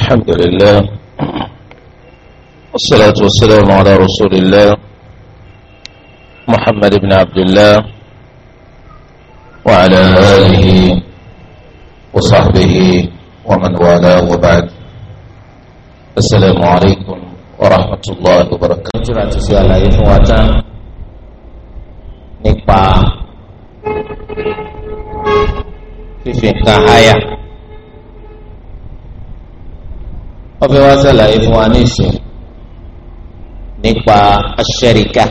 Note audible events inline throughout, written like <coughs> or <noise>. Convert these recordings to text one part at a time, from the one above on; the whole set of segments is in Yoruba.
الحمد لله والصلاة والسلام على رسول الله محمد بن عبد الله وعلى آله وصحبه ومن والاه وبعد السلام عليكم ورحمة الله وبركاته جرعت في فين wọ́n fẹ́ wá sàlàyé fún wa ní ìsìn nípa aṣẹ́ríkà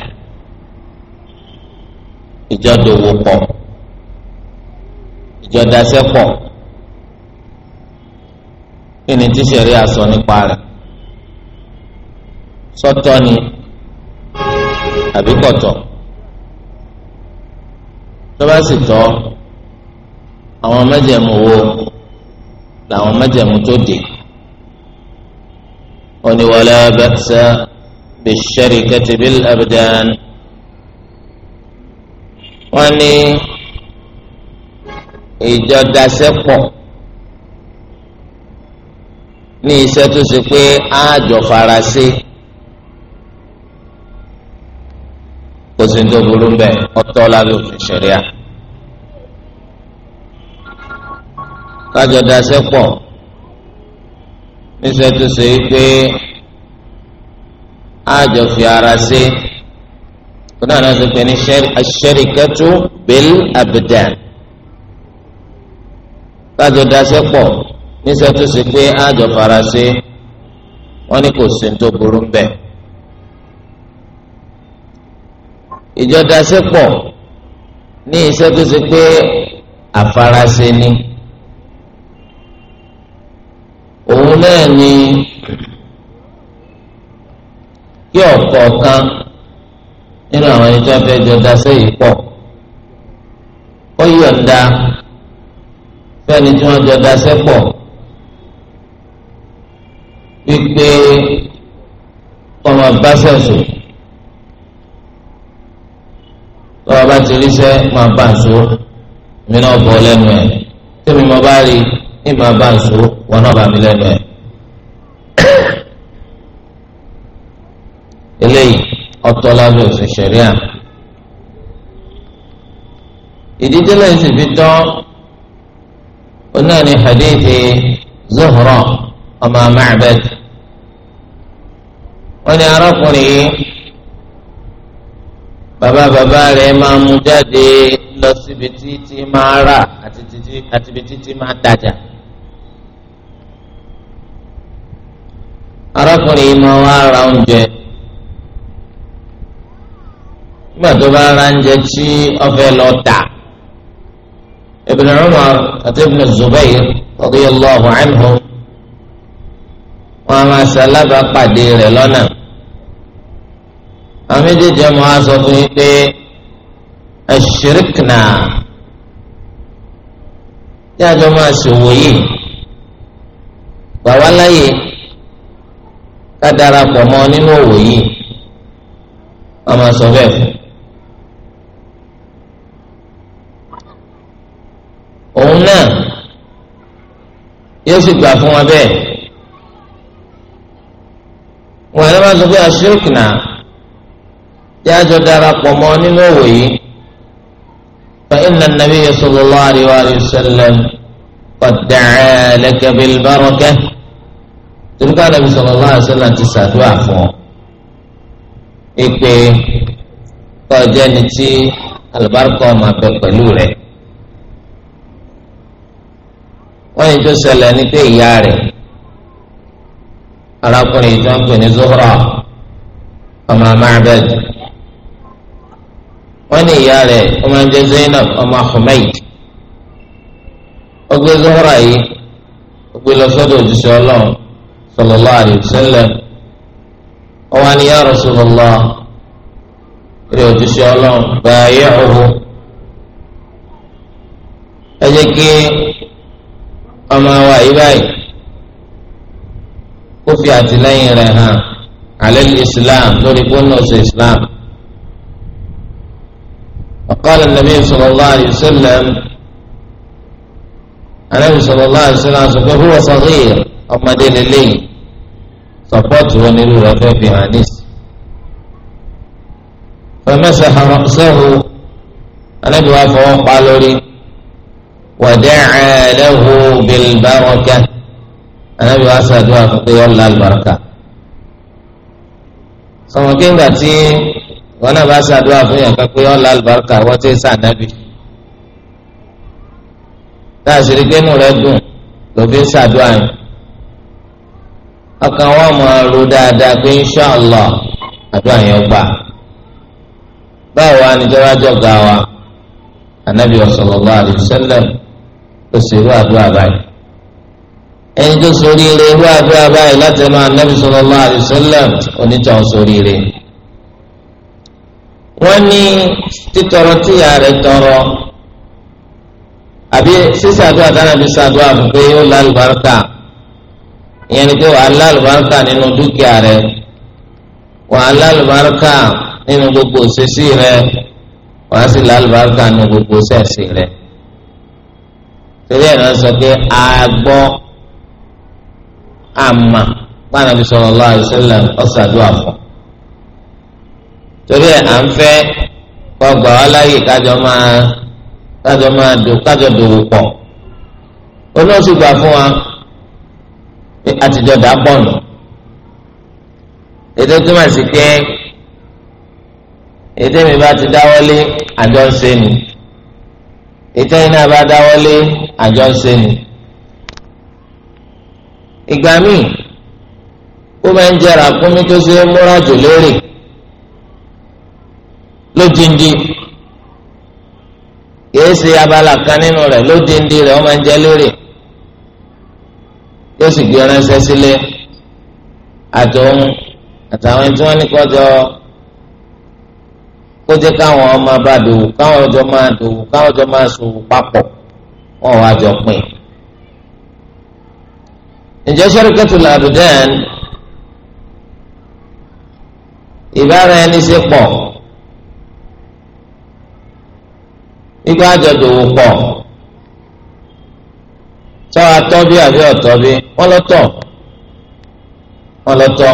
ìjọdòwòpọ̀ ìjọdasẹ́pọ̀ kí ni tíṣẹ̀rí àsọ nípa rẹ̀ sọ́tọ̀ ni àbí tó bá sì tọ́ àwọn mẹ́jẹ̀mú wo làwọn mẹ́jẹ̀mú tó dé oni wala ba'sa bisharikati bil abdan wọ́n ní ìjọdasẹ́pọ̀ ní iṣẹ́ tó ṣe pé àjọ faraṣe kò sí tó burú bẹ́ẹ̀ ọ̀tọ̀ lábẹ́ òfin ṣẹ̀ríà kájọdasẹ́pọ̀ níṣẹ́ tó ṣe é pé àjọ fi ara ṣe kó náà náà tó pè ní aṣẹ́ríkẹ́tù bil abdan lájọ daṣẹ́ pọ̀ níṣẹ́ tó ṣe pé àjọ fara ṣe wọ́n ní kò sí tó burú ń ìjọ daṣẹ́ pọ̀ ní iṣẹ́ tó ṣe pé àfaraṣe ni òun náà ni kí ọ̀kọ̀ọ̀kan nínú àwọn ẹni tí wọ́n fẹ́ jọ daṣẹ́ yìí pọ̀ ó yọ̀ǹda fẹ́ni tí wọ́n jọ daṣẹ́ pọ̀ wípé kọ́mọ bá sẹ̀sùn tọ́wọ́ bá ti ríṣẹ́ máa bá a mí náà bọ̀ lẹ́nu ẹ̀ tẹ́mi mo bá rí i. Ị ma bá ń so wọn náà bá mi lẹ́nu ẹ̀. eléyìí ọ̀tọ̀ lábẹ́ òfin ṣẹ̀ríà ìdídélé sì fi tán onáà hadithi Zuhra ọmọ Ma'bad wọn ni arákùnrin yìí bàbá bàbá rẹ̀ máa mú jáde lọ síbi títí máa rà àti arákùnrin yìí máa wá ra oúnjẹ nígbà tó bá ra oúnjẹ tí ọfẹ lọ tà Ibn Umar àti Ibn Zubair radiyallahu anhum wọn a máa ṣe alábàápàdé rẹ̀ lọ́nà àwọn méjèèjì ọmọ wa sọ fún pé ẹ̀ṣirikìnà tí máa ṣòwò yìí gbà wá ká darapọ̀ mọ́ nínú òwò yìí wọ́n máa sọ bẹ́ẹ̀ fún. òun náà yóò sì gbà fún wọn bẹ́ẹ̀ wọn ẹni máa sọ pé àṣírùkù náà jájọ darapọ̀ mọ́ nínú òwò yìí fa inna nabiyya sallallahu alayhi wa sallam qad da'a laka torí ká nàbí sallallahu alaihi wasallam ti ṣàdúrà fún ọ ìpè kọjá ẹni tí alùbáríkọ máa bẹ pẹ̀lú rẹ̀ wọ́n yìí tó ṣẹlẹ̀ ní pé ìyá rẹ̀ arákùnrin tó ń pè ní Zuhra ọmọ Ma'bad wọ́n ní ìyá rẹ̀ ọmọ ẹ̀jẹ̀ Zainab ọmọ Humayd ó Zuhra yìí ó gbé lọ sọ́dọ̀ صلى الله عليه وسلم وأن يا رسول الله ريوت الله بايعه أجكي أما وإباي وفي أتلين رها على الإسلام نريبون نوصي الإسلام وقال النبي صلى الله عليه وسلم النبي صلى الله عليه وسلم هو صغير ọmọdé lélẹ́yìn sọpọ́ọ̀tù wọn nílùú rẹ fẹ́ fi hàn nísì. fẹmẹsẹ hàn sẹ́hu anábì wá fọwọ́ pa lórí wàdẹ́ ẹ̀ẹ́dẹ́hu bilbaraka anábì wá sàdúrà fún pé wọ́n lálẹ́ baraka. sọmọkẹ́ ńgbà tí wọn náà bá sàdúrà fún yàn kan pé wọ́n lálẹ́ baraka wọ́n ti táà sì rí rẹ dùn lòfin sàdúrà yẹn ọkàn wa máa ro dáadáa pé inṣàlá àdúrà yẹn gbà báwo wá ní jọba jọga wa anabi sallallahu alaihi wasallam ló ṣe irú àdúrà báyìí ẹni tó ṣoríire irú àdúrà báyìí láti ẹnu anabi sallallahu alaihi wasallam onítàn ṣoríire wọ́n ní títọrọ tíyà rẹ̀ tọrọ àbí sísàdúrà tánàbí sàdúrà fún pé ó lálùbáríkà ìyẹn ni pé wàá lálùbáríkà nínú dúkìá rẹ wàá lálùbáríkà nínú gbogbo òṣèṣì rẹ wàá sì lálùbáríkà nínú gbogbo òṣèṣì rẹ torí ẹ̀ náà sọ pé àgbọ̀ àmà pàànàbí sallallahu alaihi wasallam ọ̀sàdúrà fún torí ẹ̀ à ń fẹ́ kọgbà wá láyè kájọ máa kájọ máa dò kájọ dòwò pọ̀ ó gbà fún wa àtijọ́ dà pọ̀ nù ètò tó máa sì pé ètò mi bá ti dáwọ́lé àjọ ń ṣe ni ètò yìí náà bá dáwọ́lé àjọ ń ṣe ni ìgbà míì ó máa ń jẹrà kúnmí tó ṣe múra jù lérè lódindi kìí ṣe abala kan nínú rẹ̀ lódindi rẹ̀ ó máa ń jẹ lérè yóò sì gbé ránṣẹ́ sílé àtòun àtàwọn ẹni tí wọ́n ní kọjọ kó jẹ́ káwọn ọmọ bá dòwò káwọn ọjọ́ máa dòwò káwọn ọjọ́ máa sòwò papọ̀ wọ́n wá jọ pín. ǹjẹ́ sharikatul abdan ìbára ẹni ṣe pọ̀ ìgbà àjọ dòwò pọ̀ sọ atọ́ bí àbí ọ̀tọ́ bí wọ́n lọ́tọ̀ wọ́n lọ́tọ̀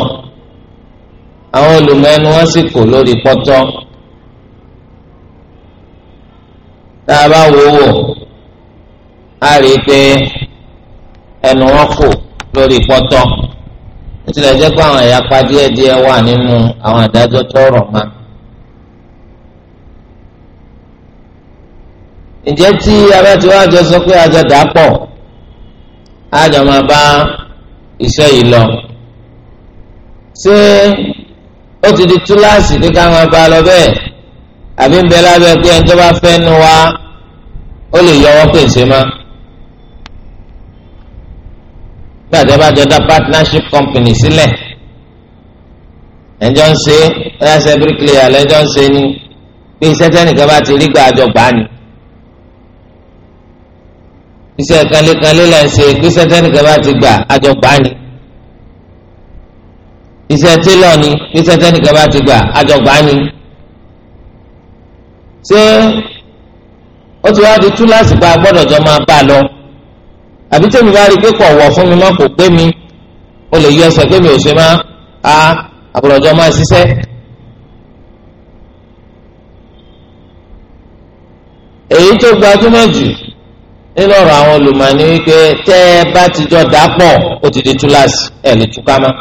àwọn olùmọ̀ẹ́nu wọn sì kò lórí pọ́tọ́ tá a bá wò wò a rí i pé ẹnu wọn kò lórí pọ́tọ́ nítorí jẹ́ pé àwọn ìyapa díẹ̀díẹ̀ wà nínú àwọn àdájọ́ tó rọ̀ ma. ǹjẹ́ tí abẹ́tiwájọ sọ pé àjọ dà pọ̀ àjọ máa bá iṣẹ́ yìí lọ ṣé ó ti di túláàsì ní ká bá lọ bẹ́ẹ̀ àbí ń bẹ lábẹ́ pé ẹni bá fẹ́ nu wa ó lè yọwọ́ pé ṣe má. gbàdé bá jọ dá partnership company sílẹ̀ ẹjọ́ ń ṣe ẹ̀yà sẹ́bíríkìlì àlẹ́jọ́ ń ṣe ni bí iṣẹ́ tẹ́nìkan bá ti rí gbà gbà ni iṣẹ́ kanlékanlé là ń ṣe gbèsè tẹ́nìkan bá ti gbà àjọgbá ni iṣẹ́ télọ̀ ni gbèsè tẹ́nìkan bá ti gbà àjọgbá ni ṣé ó ti wá di túláàsì pa gbọ́dọ̀ jọ máa bá a lọ àbí tèmi bá rí i pé kò wọ̀ fún mi mọ́ kò pé mi ó lè yọ ẹsẹ̀ pé mi ò ṣe máa a àbúrọ̀jọ máa ṣiṣẹ́. èyí tó gbajúmọ̀ jù nínú ọ̀rọ̀ àwọn olùmọ̀ọ́ni wípé tẹ́ ẹ bá ti jọ dàpọ̀ ó ti di túláàsì ẹ̀ lè túká mọ́.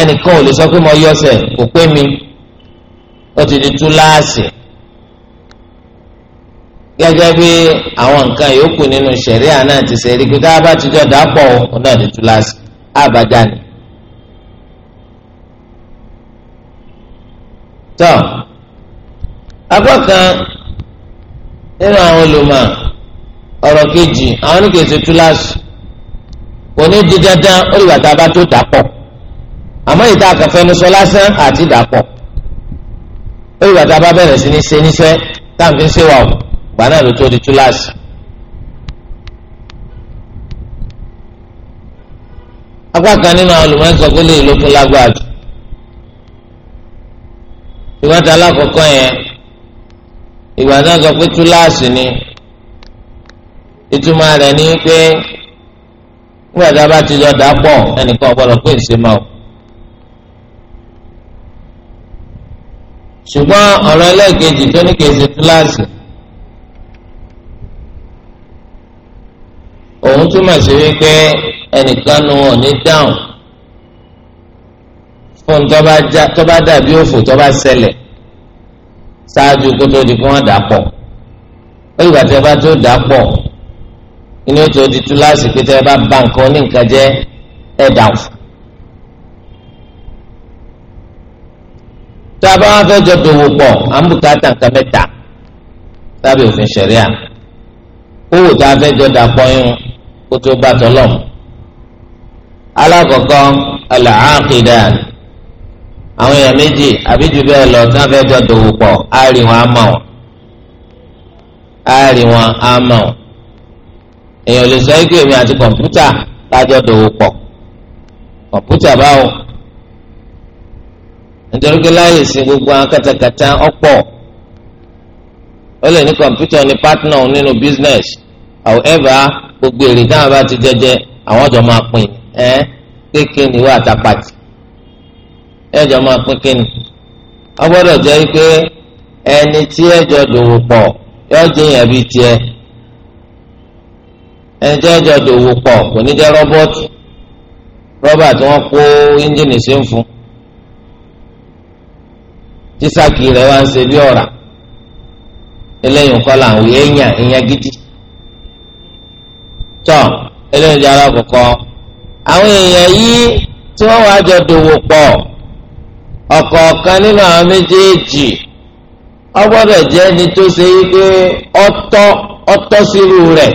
ẹnìkan ò lè sọ pé mo yọ̀sẹ̀ kò pé mi ó ti di túláàsì. gẹ́gẹ́ bí àwọn nǹkan yòókù nínú ṣẹ̀ríà náà ti ṣe rí pé tá a bá ti jọ ó náà di túláàsì àbájá ni. tọ́ abọ́ kan nínú àwọn olùmọ̀ ọ̀rọ̀ kejì àwọn ní kèsì túláàsì kò ní di dandan ó lè bàtà bá tó dàpọ̀ àmọ́ ìta àkànfẹnusọ lásán àti dàpọ̀ ó lè bàtà bá bẹ̀rẹ̀ sí ní ṣe níṣẹ́ táǹfin ṣe wà gbà náà ló tó di túláàsì. apá kan nínú àwọn olùmọ̀ sọ pé lè lókun lágbára ìwádìí alákọ̀ọ́kọ́ yẹn ìgbà náà sọ pé túláàsì ni ìtumọ̀ rẹ̀ ni pé gbàdá bá ti lọ dà pọ̀ ẹnìkan ọ̀gbọ́dọ̀ pé ìṣe máa o. ṣùgbọ́n ọ̀rọ̀ ẹlẹ́ẹ̀kejì tó ní kèsì kíláàsì òun túmọ̀ sí wípé ẹnìkan nu wọn ní dáhùn fún tó bá dàbí òfò tó bá ṣẹlẹ̀ ṣáájú kó tó di kó wọn dà pọ̀ ó yìí bàtẹ́ bá tó dà pọ̀ inú ètò di túláàsì pé tẹ́ bá ba nǹkan ní nǹkan jẹ́ ẹ̀ dàn fún. tá a bá wọn fẹ́ jọ dòwò pọ̀ à ń bùkátà nǹkan mẹ́ta lábẹ́ òfin ṣẹ̀ríà owó tá a fẹ́ jọ dà pọ̀ yín kó tó bá tọ́lọ̀ alákọ̀ọ́kọ́ al àwọn èèyàn méjì àbí jù bẹ́ẹ̀ lọ tí wọ́n fẹ́ jọ dòwò pọ̀ á rí wọn á mọ̀ wọn á rí wọn á mọ̀ wọn èèyàn lè sọ ike mi àti kọ̀ǹpútà lájọ dòwò pọ̀ kọ̀ǹpútà báwo nítorí pé láyé sin gbogbo àwọn kàtàkàtà ọ̀pọ̀ ó lè ní kọ̀ǹpútà ní pátánà nínú business however gbogbo èrè táwọn bá ti jẹjẹ àwọn jọ máa pín ẹ kékeré ni wọ́n àtàpàtì ẹjọ máa pín kínní wọ́n gbọ́dọ̀ jẹ pé ẹni tí ẹjọ dòwò pọ, yóò jẹyàn bíi tiẹ̀ ẹni tí ẹjọ dòwò pọ̀ kò ní jẹ́ rọ́bọ́tì rọ́bà tí wọn kó ẹ́ńjìnì sí ń fún tíṣàkì rẹ̀ wá ń ṣe bí eléyìí nǹkan là ń wí gidi tọ eléyìí jẹ́ alákọ̀ọ́kọ́ àwọn èèyàn yìí tí wọ́n wá jọ dòwò pọ. ọ̀kọ̀ọ̀kan nínú àwọn méjèèjì ọ gbọ́dọ̀ jẹ́ ẹni tó ṣe wípé ọtọ́ ọtọ́ sírú rẹ̀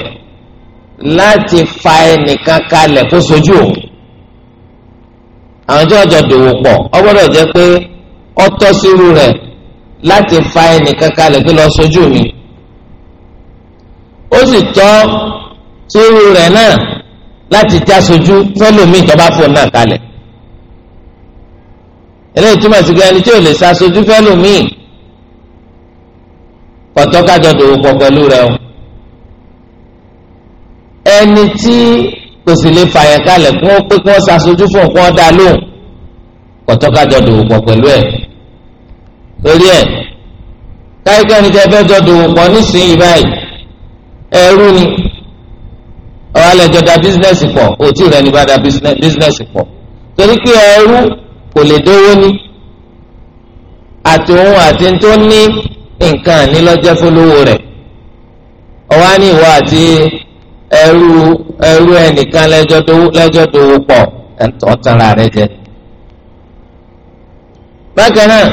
láti fa ẹnìkan kalẹ̀ kó sojú òun àwọn tí wọ́n jọ dòwò pọ̀ ọ jẹ́ pé ọtọ́ sírú rẹ̀ láti fa ẹnìkan kalẹ̀ kó lọ sojú mi ó sì tọ́ sírú rẹ̀ náà láti já sojú fẹ́lòmíì tó bá fò náà kalẹ̀ eléyìí túmọ̀ sí ẹni tí ò lè ṣàṣojú fẹ́ lòmíì kọ̀tọ́ kájọ dòwò pọ̀ pẹ̀lú rẹ o ẹni tí kò sì lè fàyàn kalẹ̀ kún ó pé kí wọ́n ṣàṣojú fún òun kí wọ́n dá lóhùn kọ̀tọ́ kájọ dòwò pọ̀ pẹ̀lú ẹ̀ torí ẹ̀ káyíkẹ́ ni tẹ́ fẹ́ jọ dòwò pọ̀ nísìnyí báyìí ẹrú ni ọ̀rọ̀ alẹ́ jọ da bísínẹ́sì pọ̀ òtí rẹ̀ ni bá da bísínẹ́sì pọ̀ torí pé ẹrú. kò lè dówó ní àti òun àti tó ní nǹkan ànílọ́jẹ́ fólówó rẹ̀ ọwọ́ ní ìwọ àti ẹrú ẹrú ẹnìkan lẹ́jọ́ dówó pọ̀ ẹ̀ńtọ́ tara rẹ̀ jẹ. bákan náà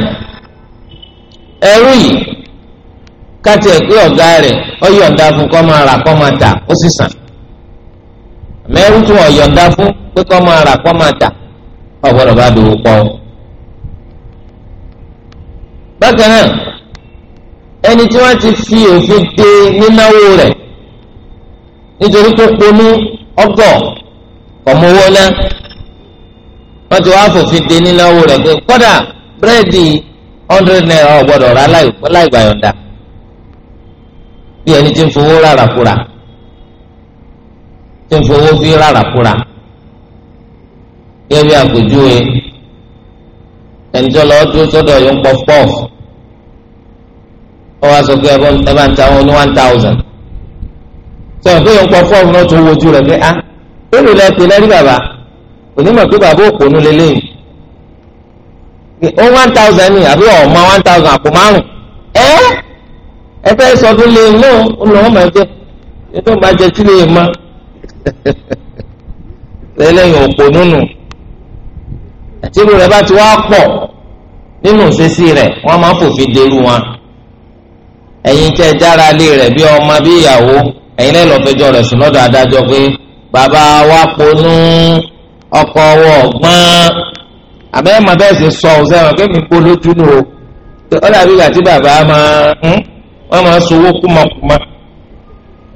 ẹrú yìí káti ẹ̀gbẹ́ ọ̀gá rẹ̀ ó yọ̀ǹda fún kó máa rà kó máa tà ó sì sàn mẹ́rù tún fún ọgbọ́dọ̀ bá dòwò pọ̀ bákan náà ẹni tí wọ́n ti fi òfin de nínáwó rẹ̀ nítorí tó ponú ọgọ ọmọwó náà wọ́n ti wá fòfin de nínáwó rẹ̀ pé kódà búrẹ́dì hundred naira ọgbọ́dọ̀ rà láìgbàyọ̀ǹda bí ẹni tí ń fowó rárá kúra tí ń fowó bí rárá kúra gẹ́gẹ́ bí àpèjúwe ẹnìjọ́ lọ́ọ́ dúró sọ́dọ̀ yóò ń pọ̀fpọ̀f ó wá sọ pé ẹ bá ń ta wọn ní one thousand sọ pé yóò ń pọ̀fpọ̀f náà tó wojú rẹ̀ pé ah èrè lẹ pè lẹ́rí bàbá onímọ̀ pé bàbá òpònú lélẹ́yìn ó one thousand ni àbí ma one thousand àpò márùn-ún ẹ́ ẹ fẹ́ sọ fún lè lò ó lọ́wọ́ máa jẹ ètò máa jẹ tí lè mọ <laughs> lẹ́lẹ́yìn òpònú nù. àti irú rẹ̀ bá ti wá pọ nínú ìṣesí rẹ̀ wọ́n máa fòfin derú wọn ẹ̀yin tẹ́ dára lé rẹ̀ bí ọmọ bí ìyàwó ẹ̀yin lẹ́yìn rẹ̀ sùn lọ́dọ̀ adájọ́ pé bàbá wa ponú ọkọ ọwọ́ ọ̀gbọ́n bẹ́ẹ̀ sì sọ kémi o ó dàbí ìgbà tí bàbá máa ń hmm, wọ́n máa kúmọkúmọ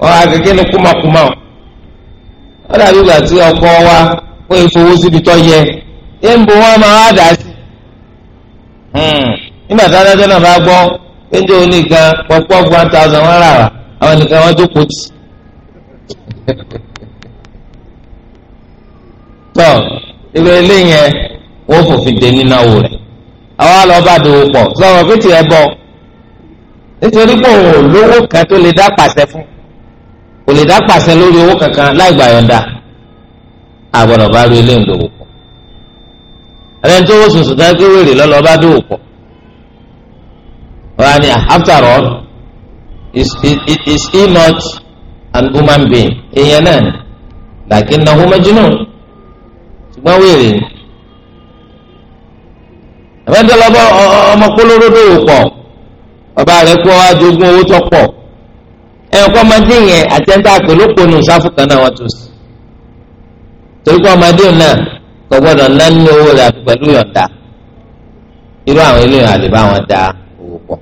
wọ́n ń bo wọn máa wá dà sí. nígbà tí adájọ́ náà bá gbọ́ péjọ oníkan pọ̀pọ̀ one thousand one rà wá àwọn nìkan wọ́n jókòó tì. tọ́ ìwé ilé yẹn wọ́n fòfin dé nínáwó rẹ̀ àwọn àlọ́ba dòwò pọ̀ sọ̀rọ̀ fìtì ẹ̀ bọ̀ nítorí pé òun ò lówó kan tó lè dá pàṣẹ fún kò lè dá pàṣẹ lórí owó kankan láì gbà yọ̀ǹda àgbọ̀dọ̀ bá rí eléyìí lówó. ẹni tó wọ́n sòsò dáké wèrè lọ́lọ́ bá dé òkọ̀ wọ́n á ní after all is is he not an human being èèyàn náà ni làkín náà wọ́n mẹ́jọ náà ṣùgbọ́n wèrè ni ẹ̀fẹ́ntẹ́ lọ́bọ̀ ọmọ kólóródó òkọ̀ bàbá rẹ̀ kó wá jogún owó tó pọ̀ ẹ̀kọ́ ọmọdé yẹn àtẹ́ńtà pẹ̀lú pọnù sáfù kan náà wọ́n tó sí torí kọ́ ọmọdé náà. kò gbọ́dọ̀ ná owó rẹ̀ àti pẹ̀lú yọ̀ǹda irú àwọn eléyàn wọn da owó pọ.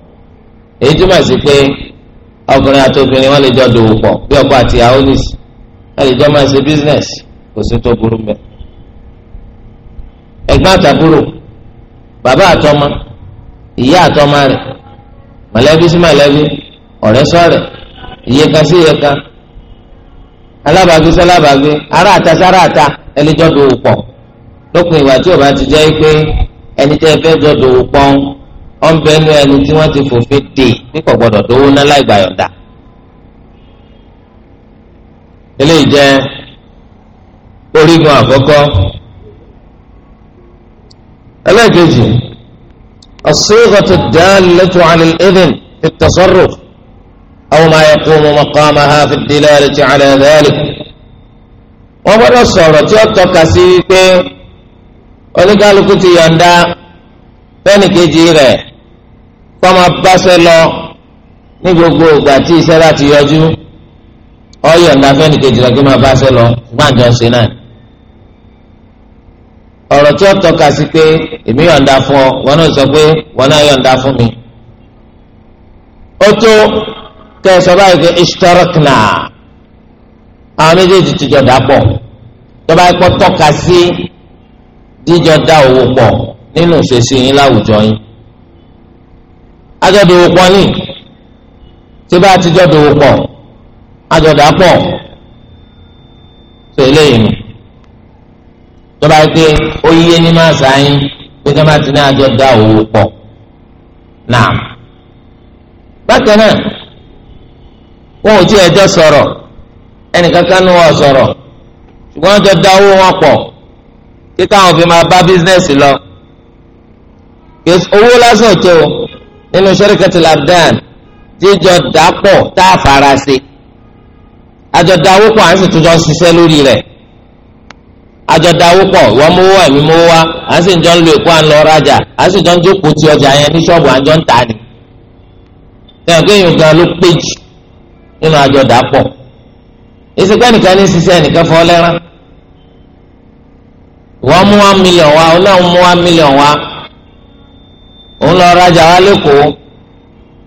èyí túmọ̀ sí pé ọkùnrin àti obìnrin wọn lè jọ dòwò pọ̀ bí ọkọ àti ìyàwó nìsí wọn lè jọ máa ṣe bísínẹ́sì kò sí tó burú ẹ̀gbọ́n àtàbúrò bàbá àtọmọ ìyá àtọmọ mọ̀lẹ́bí sí mọ̀lẹ́bí ọ̀rẹ́ sọ̀rẹ́ sí alábàágbé sí alábàágbé sí lópin ìgbà tí ó bá ti jẹ́ pé ẹni tẹ́ fẹ́ jọ dòwò pọ́n ọ̀nbẹ́nu ẹni tí wọ́n ti fòfin dè nípò gbọ́dọ̀ dówó ná láì gbà yọ̀ǹda. eléyìí jẹ́ orígun àkọ́kọ́ ẹlẹ́ẹ̀kejì as-sighatu ad-dallatu 'ala al-idhn fi at-tasarruf aw ma yaqumu maqamaha fi ad-dilalati 'ala dhalik wọ́n gbọ́dọ̀ sọ̀rọ̀ tí ó tọ́ka sí wípé oníkálukú ti yọ̀ǹda fẹ́ni kejì rẹ̀ kó máa báṣẹ́ lọ ní gbogbo ìgbà tí iṣẹ́ bá ti yọjú ó yọ̀ǹda fẹ́ni kejì rẹ̀ kó máa báṣẹ́ lọ gbàǹjọ́ sí náà ọ̀rọ̀ tí ó tọ́ka sí pé èmi yọ̀ǹda fún ọ wọn náà sọ pé wọn náà yọ̀ǹda fún mi ó tó kẹsàn báyìí pé ishtarakna àwọn méjèèjì ti jọ dàpọ̀ tó bá yẹ tọ́ka sí jíjọ da owó pọ̀ nínú ìṣesí yín láwùjọ yín ajọ́dọ̀ owó pọ̀ ní tí bá ti jọ́dọ̀ owó pọ̀ ajọ́dọ̀ pọ̀ tó eléyìí nù tọ́ba pé ó yíyé ní máa sá yín pé kí wọ́n bá ti ní ajọ́ da owó pọ̀ náà bákan náà wọn ò tí ẹjọ́ sọ̀rọ̀ ẹnìkan kan ní wọn sọ̀rọ̀ ṣùgbọ́n ajọ́ dá owó wọn pọ̀ kí káwọn fi máa bá bísínẹ́sì lọ owó lásán tó nínú sẹ́ríkẹ́tì labdan jíjọ dàpọ̀ tá a fara sí àjọdá owó pọ̀ à ń sì tún jọ ṣiṣẹ́ lórí rẹ̀ àjọdá owó pọ̀ wọ́n mú owó ẹ̀mí mú owó wá à ń sì jọ ń lo èkó à ń lọ rajà à ń sì jọ ń jókòó ti ọjà yẹn ní ṣọ́ọ̀bù àjọ ń tà ní. sẹ́yìn kéèyàn gan ló péjì nínú àjọdá pọ̀ ìsìnkú ẹnìkan ní ṣiṣẹ́ ẹnìkan fọ́ lẹ́rán wọ́n mú one million wá ọlọ́run mú wa million wá òun lọ rajà wá lẹ́kọ̀ọ́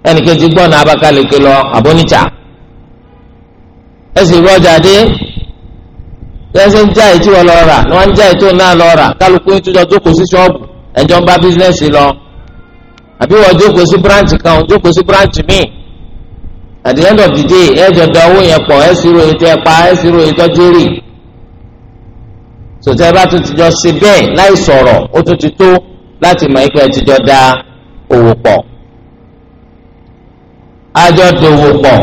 ẹnìkejì gbọ́nà abakalẹ̀kẹ lọ àbónítà ẹsì rọjà dé tẹ́sí ń já ètí wọn lọ rà ni wọ́n ń já ètò náà lọ rà kálukú yín túnjọ jókòó sí ṣọ́ọ̀bù ẹ̀jọ̀ ń bá bísíǹnẹ̀sì lọ àbí wọ́n jókòó sí bíráǹtì kan wọ́n jókòó sí bíráǹtì míì at the end of the day ẹ̀jọ̀ da owó yẹn pọ̀ ẹ̀sì ròyìn tẹ́ pa ẹ̀sì ròyìn tọ́jú rì sòtẹ́ bá tún ti jọ ṣe bẹ́ẹ̀ láì sọ̀rọ̀ ó tún ti tó láti mọ̀ ikú ẹ ti jọ da òwò pọ̀ àjọ dòwò pọ̀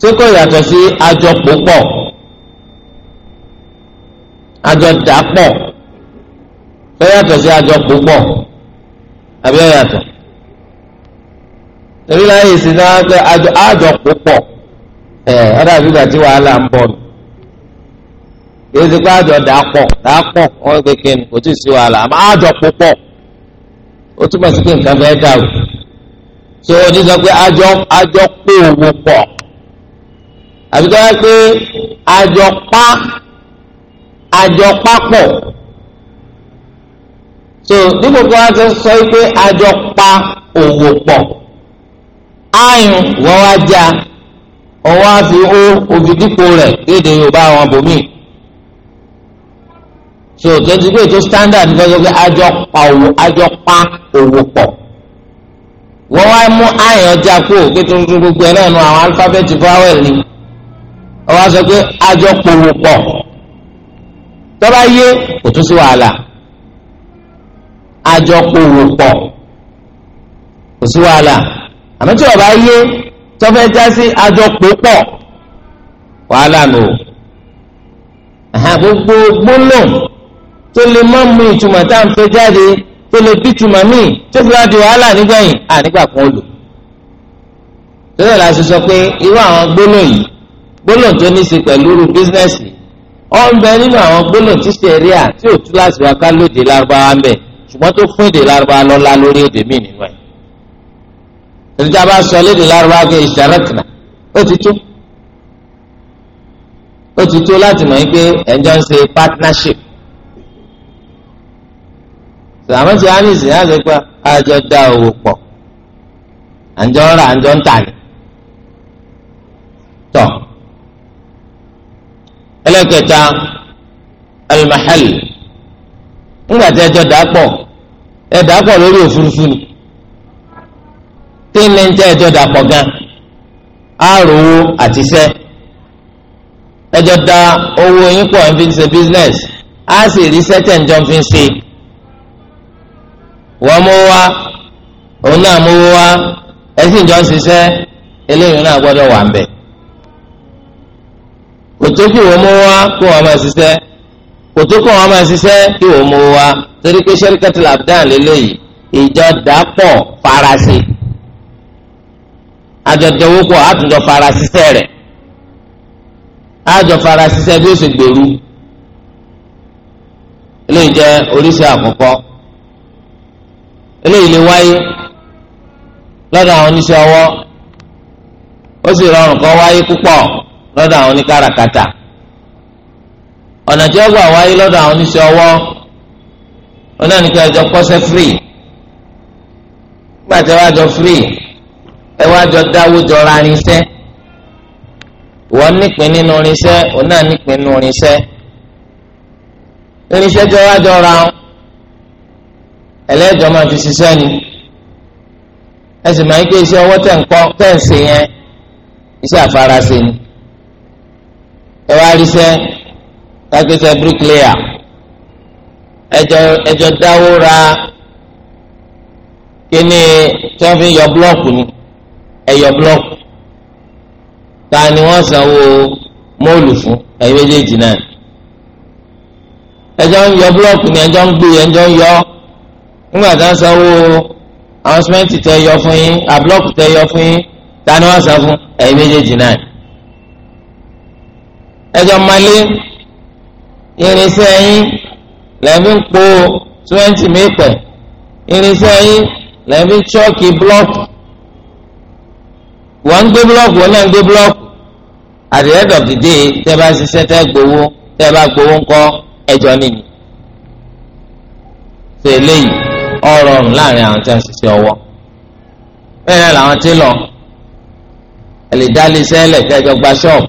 tí kò yàtọ̀ sí àjọ pòpọ̀ àjọ dàpọ̀ tó yàtọ̀ sí àjọ pòpọ̀ àbí ọ̀yàtọ̀ torí láyé ìsìn náà àjọ pòpọ̀ ẹ̀ ọ́ dàbí ìgbà tí wàhálà ń bọ̀ nù èyí ti pé àjọ dàápọ̀ dàápọ̀ wọ́n pé kí ni kò tí ì sí wàhálà àmọ́ àjọ púpọ̀ ó túbọ̀ sí pé nǹkan fẹ́ dà o ṣé o ní sọ pé àjọ àjọ pé owó pọ̀ àbí tó yẹ pé àjọ pa àjọ papọ̀ so bí gbogbo wa ti sọ pé àjọ pa owó pọ̀ ayùn wọ́n wá já ọwọ́ àfi ó òfìdípò rẹ̀ kéde Yorùbá àwọn bòmíì so tó ti pé tó standard kọ́ sọ pé àjọ pa òwò àjọ pa òwò pọ̀ wọ́n wá mú àyàn ọjà kú pé tó ń tún gbogbo ẹ̀ náà nu àwọn alifábẹ́ẹ̀tì fáwẹ̀l ni wọ́n wá sọ pé àjọ pa òwò pọ̀ tọ́ba yé kò tún sí wàhálà àjọ pa òwò pọ̀ kò sí wàhálà àmọ́ tí ọba yé tọ́fẹ́ já sí àjọ pò pọ̀ wàhálà nù gbogbo gbólóhùn tó lè má mú ìtumọ̀ tá à ń fẹ́ jáde tó lè bí ìtumọ̀ míì tó fi wá wàhálà nígbẹ̀yìn ànígbà kan ó lò. tọ́lá la ṣe sọ pé irú àwọn gbólóhùn yìí gbólóhùn tó ní í ṣe pẹ̀lú irú bísínẹ́sì ọ̀ ń bẹ nínú àwọn gbólóhùn tí sẹ̀ríà tí ò tú láti wá ká lóde lárúbáwá ń bẹ ṣùgbọ́n tó fún èdè lárúbáwá lọ́lá lórí èdè míì nínú ẹ̀. tòlítà bá sọ léde lárúbáwá pé ìṣàrẹ́tìnà ó ti tó ó ti tó láti mọ̀ yín pé ẹ̀jọ́ ń ṣe partnership àmọ́ ti hàn nísìnyí àti pé àjọ dá owó pọ̀ àjọ ń ra ń tà ní. tọ́ ẹlẹ́kẹta alimahal ńgbà tí ẹjọ́ dà pọ̀ pọ̀ lórí òfurufú ni ń ẹjọ́ dà pọ̀ gan àròwó àtisẹ́ ẹjọ́ dá owó yín pọ̀ fi ṣe wọ́n mú wá òun náà mú wá ẹ̀sìn jọ ń ṣiṣẹ́ eléyìí náà gbọ́dọ̀ wà ń bẹ̀. kò tó kí wọ́n mú wá kó wọ́n máa ṣiṣẹ́ kò tó kó wọ́n máa ṣiṣẹ́ kí wọ́n mú wá torí pé sẹ́ríkẹ́tì làbdán lélẹ́yìí ìjọ dàpọ̀ farasin àjọjọwọ́pọ̀ àtúnjọ farasisẹ́ rẹ̀ àjọ farasisẹ́ bí ó ṣe gbèrú eléyìí jẹ́ oríṣi àkọ́kọ́. eléyìí lè wáyé lọ́dọ̀ àwọn oníṣẹ́ ọwọ́ ó sì rọrùn kó wáyé púpọ̀ lọ́dọ̀ àwọn oníkàràkátà ọ̀nà tí wọ́n wáyé lọ́dọ̀ àwọn oníṣẹ́ ọwọ́ onáníkà ẹjọ́ kọ́sẹ́ free gbàtẹ́ jọ free ẹ jọ dáwó jọ ra irinṣẹ́ wọ́n nípìn nínú irinṣẹ́ òun nínú irinṣẹ́ irinṣẹ́ jọ ẹlẹ́jọ́ máa fi ṣiṣẹ́ ni ẹ sì máa ń ké iṣẹ́ ọwọ́ tẹ̀ ń kọ́ tẹ̀ ń ṣe yẹn iṣẹ́ àfaraṣe ni ẹ wá rí iṣẹ́ kápẹ́sẹ̀ bricklayer ẹjọ́ dáwó ra kíní tí wọ́n fi yọ búlọ́ọ̀kù ni ẹ̀yọ búlọ́ọ̀kù ta ni wọ́n sanwó móòlù fún ẹ̀yìn méjèèjì náà ẹjọ́ ń yọ búlọ́ọ̀kù ni ẹjọ́ ń gbé ẹjọ́ ń yọ ọ́ ńgbà tá a sanwó àwọn simẹ́ǹtì tẹ yọ fún yín àbúlọ́ọ̀kù tẹ yọ fún yín ta ni wọ́n san fún ẹ̀yin méjèèjì náà. ẹjọ́ malé irinṣẹ́ yín lẹ́ẹ̀mí ń po twenty mẹ́pẹ̀ irinṣẹ́ yín lẹ́ẹ̀mí chọ́ọ̀kì búlọ́ọ̀kù wọ́n gbé búlọ́ọ̀kù wọ́n náà gbé búlọ́ọ̀kù at the end of the day tẹ́ bá ṣiṣẹ́ tẹ́ gbowó tẹ́ bá gbowó ńkọ́ ẹjọ́ nìyí. tẹ̀lé ọrọrùn láàrin àwọn tí wọ́n ṣiṣẹ́ ọwọ́ bẹ́ẹ̀ náà làwọn tí lọ ẹlẹdálẹsẹlẹ kẹjọ gba ṣọ́ọ̀bù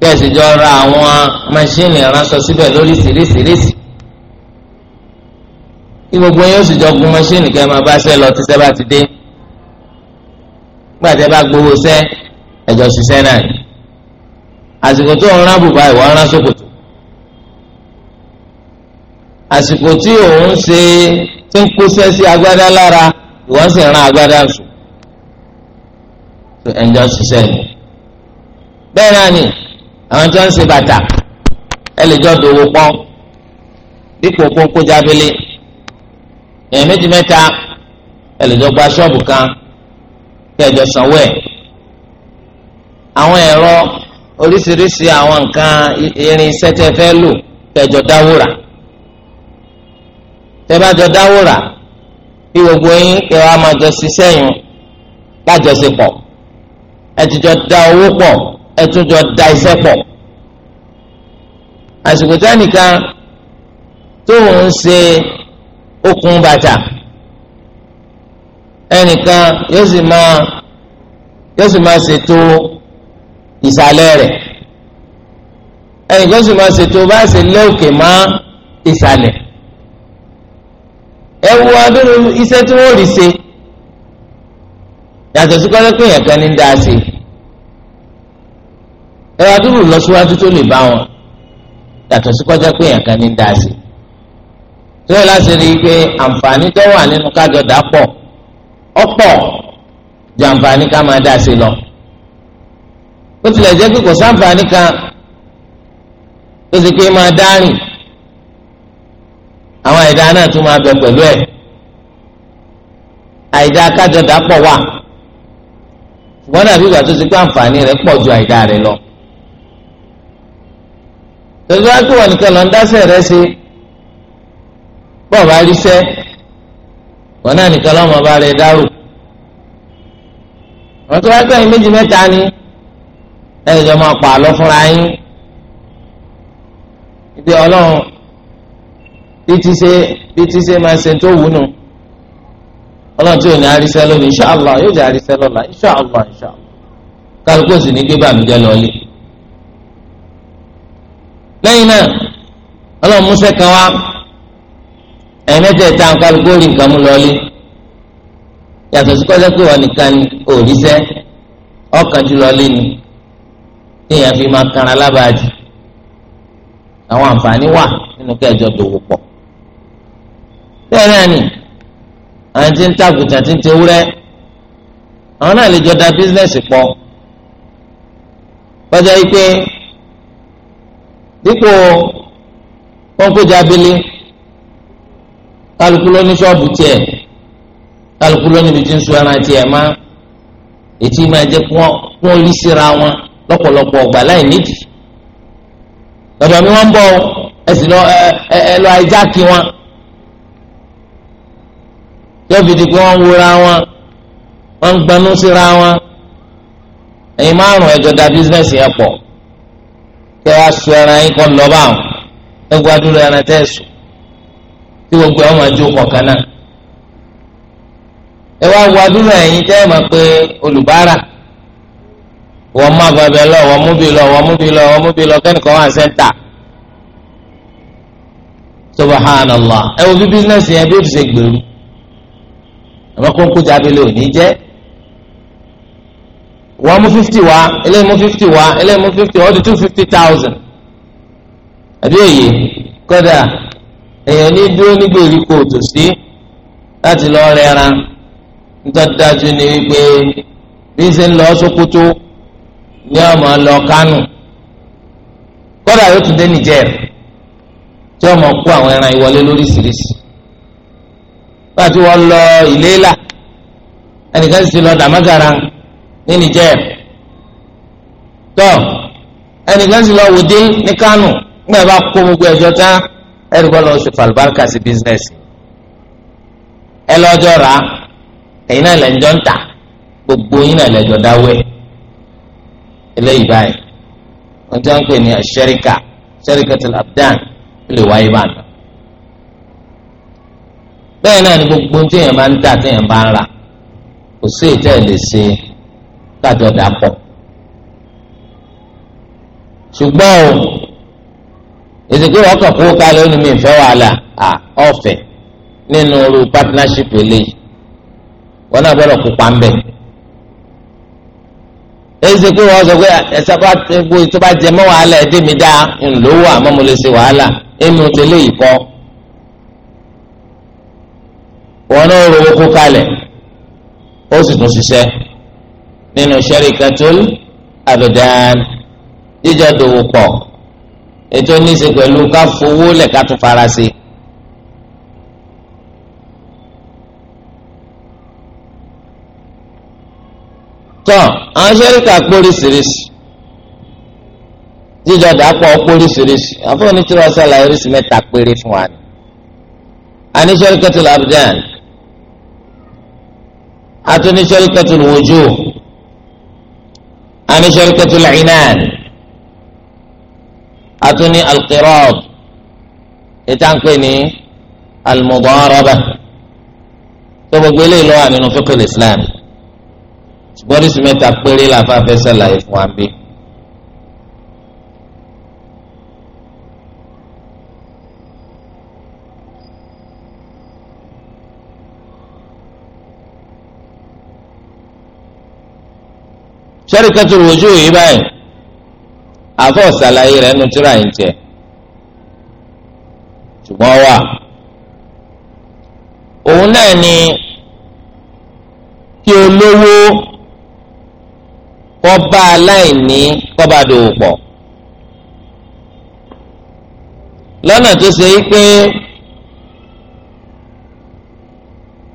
kẹsì jọ ra àwọn máṣíìnì ránṣọ síbẹ̀ lórí sírísírísì kí gbogbo yín ó sì jọ gun máṣíìnì kẹ máa bá ṣe lọ tí sẹ bá ti dé gbàtẹ bá gbowó sẹ ẹjọ ṣiṣẹ́ náà àsìkò tó ń rán bùbá ìwọ rán sókòtò àsìkò tí òun ṣe ti ń kó sẹ́sí agbádá lára ìwọ́n sì ran agbádá sùn tó ẹ̀jọ́ ṣiṣẹ́ ni. bẹ́ẹ̀ náà ni àwọn tí wọ́n ń ṣe bàtà ẹ lè jọ dòwò pọ́n dípò kókó jábélé èèyàn méjì mẹ́ta ẹ lè jọ gba ṣọ́ọ̀bù kan kí ẹ jọ sanwó ẹ̀. àwọn ẹ̀rọ oríṣiríṣi àwọn nǹkan irin iṣẹ́ tẹ́ fẹ́ lò kẹjọ dáwó rà tẹ́bàjọ dáwòrà bí gbogbo yín kẹ́ wàá máa jọ ṣiṣẹ́ yín lájọṣepọ̀ ẹ ti jọ da owó pọ̀ ẹ tún jọ da iṣẹ́ pọ̀ àsìkò tánìkan tó ń ṣe okùn bàtà ẹnìkan yóò sì máa yóò sì máa ṣètò ìsàlẹ̀ rẹ̀ ẹnìkan sì máa ṣètò bá ṣe lé òkè mọ́ ìsàlẹ̀ ẹ wo abínú iṣẹ́ tí wọ́n rí ṣe yàtọ̀ sí kọ́lẹ́ pé yẹn kan ní dáa ṣe ẹ wá dúró lọ síwájú tó lè bá wọn yàtọ̀ sí kọ́jọ́ pé yẹn kan ní dáa ṣe tó yẹ láti rí i pé àǹfààní tó wà nínú kájọ dàpọ̀ ọ̀pọ̀ ju àǹfààní ká máa dáa ṣe lọ bó tilẹ̀ jẹ́ pé kò sáǹfààní kan tó ti pé máa dárìn àwọn ẹ̀dá náà tún máa bẹ pẹ̀lú ẹ̀ àìdá kájọ dàpọ̀ wà ṣùgbọ́n dàbí ìgbà tó ti pé àǹfààní rẹ̀ pọ̀ ju àìdá rẹ̀ lọ. tòlú wá pé wọn nìkan lọ ń dásẹ̀ rẹ ṣe bọ́ọ̀ bá rí sẹ́ wọn náà nìkan lọ́mọ bá rẹ dárò. wọ́n tó wá pé méjì mẹ́ta ni ẹ̀yin máa pa àlọ́ fúnra yín. ìdí ọlọ́run bí ti ṣe bí ti ṣe máa ṣe tó wù nù ọlọ́run tí ò ní àríṣẹ́ lónìí inṣàlá yóò jẹ́ àríṣẹ́ lọ́la inṣàlá inṣàlá kálukú sì ní gbé bàmíjẹ́ lọ́lé. lẹ́yìn náà ọlọ́run mú sẹ́kàn wá ẹ̀yìn mẹ́tẹ̀ẹ̀ta kálukú rí nǹkan mú lọ́lé yàtọ̀ sí kọ́jọ́ pé wọ́n nìkan ni òrìṣẹ́ ọkàn jù lọ́lé ni téèyàn fi máa kanra lábàájì àwọn àǹfààní wà nínú kẹjọ dòwò pọ̀. bẹ́ẹ̀ náà ni àwọn tí ń ta àgùntàn tí ń tewúrẹ́ àwọn náà lè jọ da bísínẹ́sì pọ̀ kọjá yìí pé dípò wọn kójú kálukú ló ní tiẹ̀ kálukú ló níbi tí ń sun ẹran tiẹ̀ má ètí máa jẹ́ kí wọ́n wọn lọ́pọ̀lọpọ̀ ọgbà yóò fi di pé wọ́n ń wúra wọn wọ́n ń gbanú síra wọn ẹ̀yin márùn ẹ̀jọ̀ da bísínẹ́sì yẹn pọ̀ kẹ́ wá sọ ẹran yín kọ́ lọ́ba àwọn ẹgbẹ́ adúlọ ẹran tẹ́ sùn tí gbogbo ẹ̀ wọ́n máa jó kọ̀ọ̀kan náà ẹ wá wo adúlọ ẹ̀yin tẹ́ ẹ̀ máa pé olùbárà wọ́n má bàbẹ̀ lọ wọ́n mú lọ wọ́n mú lọ wọ́n mú lọ kẹ́nìkan wà sẹ́ńtà subhanallah ẹ wo bí bísínẹ́sì yẹn bí ó ti ṣe gbèrú. àmọ́ kónkójà abẹ́lé òní jẹ́ wọ́n mú fifty wa eléyìí mú fifty wa eléyìí mú fifty wá ó di two fifty thousand àbí òye kódà èèyàn ní dúró ní gbèríko si lati lọ rẹran nítòdájú ni wípé bí ṣe ń lọ Sókótó ní kanu lọ Kánò kódà yóò tún dé Nìjẹ̀rì tí ọmọ kó àwọn ẹran ìwọlé lóríṣiríṣi bá a ti wọ́n lọ ìléla ẹnìkan sì lọ dàmágara ní Niger tọ́ ẹnìkan sì lọ wòde ní Kánò nígbà bá kó gbogbo ẹ̀jọ́ tán ẹ̀rù bọ́ lọ sí falbarka sí bísínẹ́sì ẹ lọ́jọ́ rà ẹ̀yin náà lẹ́jọ́ ń tà gbogbo yín náà lẹ́jọ́ dáwẹ́ eléyìí báyìí wọ́n ti ń pè ní ṣẹ́ríkà ṣẹ́ríkà tó lè wáyé báyìí. bẹ́ẹ̀ náà ni gbogbo tí èèyàn bá ń tà tí èèyàn bá ń rà kò sí lè ṣe kájọ ṣùgbọ́n o ìsìnkú ọkọ̀ kó kalẹ̀ ó ní mi wàhálà à ọ̀fẹ́ nínú partnership eléyìí wọn náà kópa ń bẹ̀ wọn sọ pé mọ́ wàhálà ńlọ́wọ́ wọn náà rówó kó kalẹ̀ ó sì tún ṣiṣẹ́ nínú sharikatul abdan jíjọ dòwò pọ̀ ètò oníṣe pẹ̀lú ká fowó lẹ̀ ká tún fara sí. tọ́ àwọn sẹ́ríkà póríṣiríṣi jíjọ dàpọ̀ póríṣiríṣi àfọwọ́nì tí wọ́n ṣàlàyé oríṣi mẹ́ta péré fún wa ni. àní abidjan atuni sharikatu wujuh ani sharikatu inan atuni alqirad ìtànkpé ni almudaraba tó gbogbo eléyìí ló wà nínú fiqh islam ṣùgbọ́n oríṣi mẹ́ta péré la fà fẹ́ tẹ́ríkẹ́tù rojú yìí báyìí àfọ̀ ṣàlàyé rẹ̀ nu tíra yìí tiẹ̀ ṣùgbọ́n wà òun náà ni kí olówó kọ́ bá aláìní kọ́ bá dòwò pọ̀ lọ́nà tó ṣe pé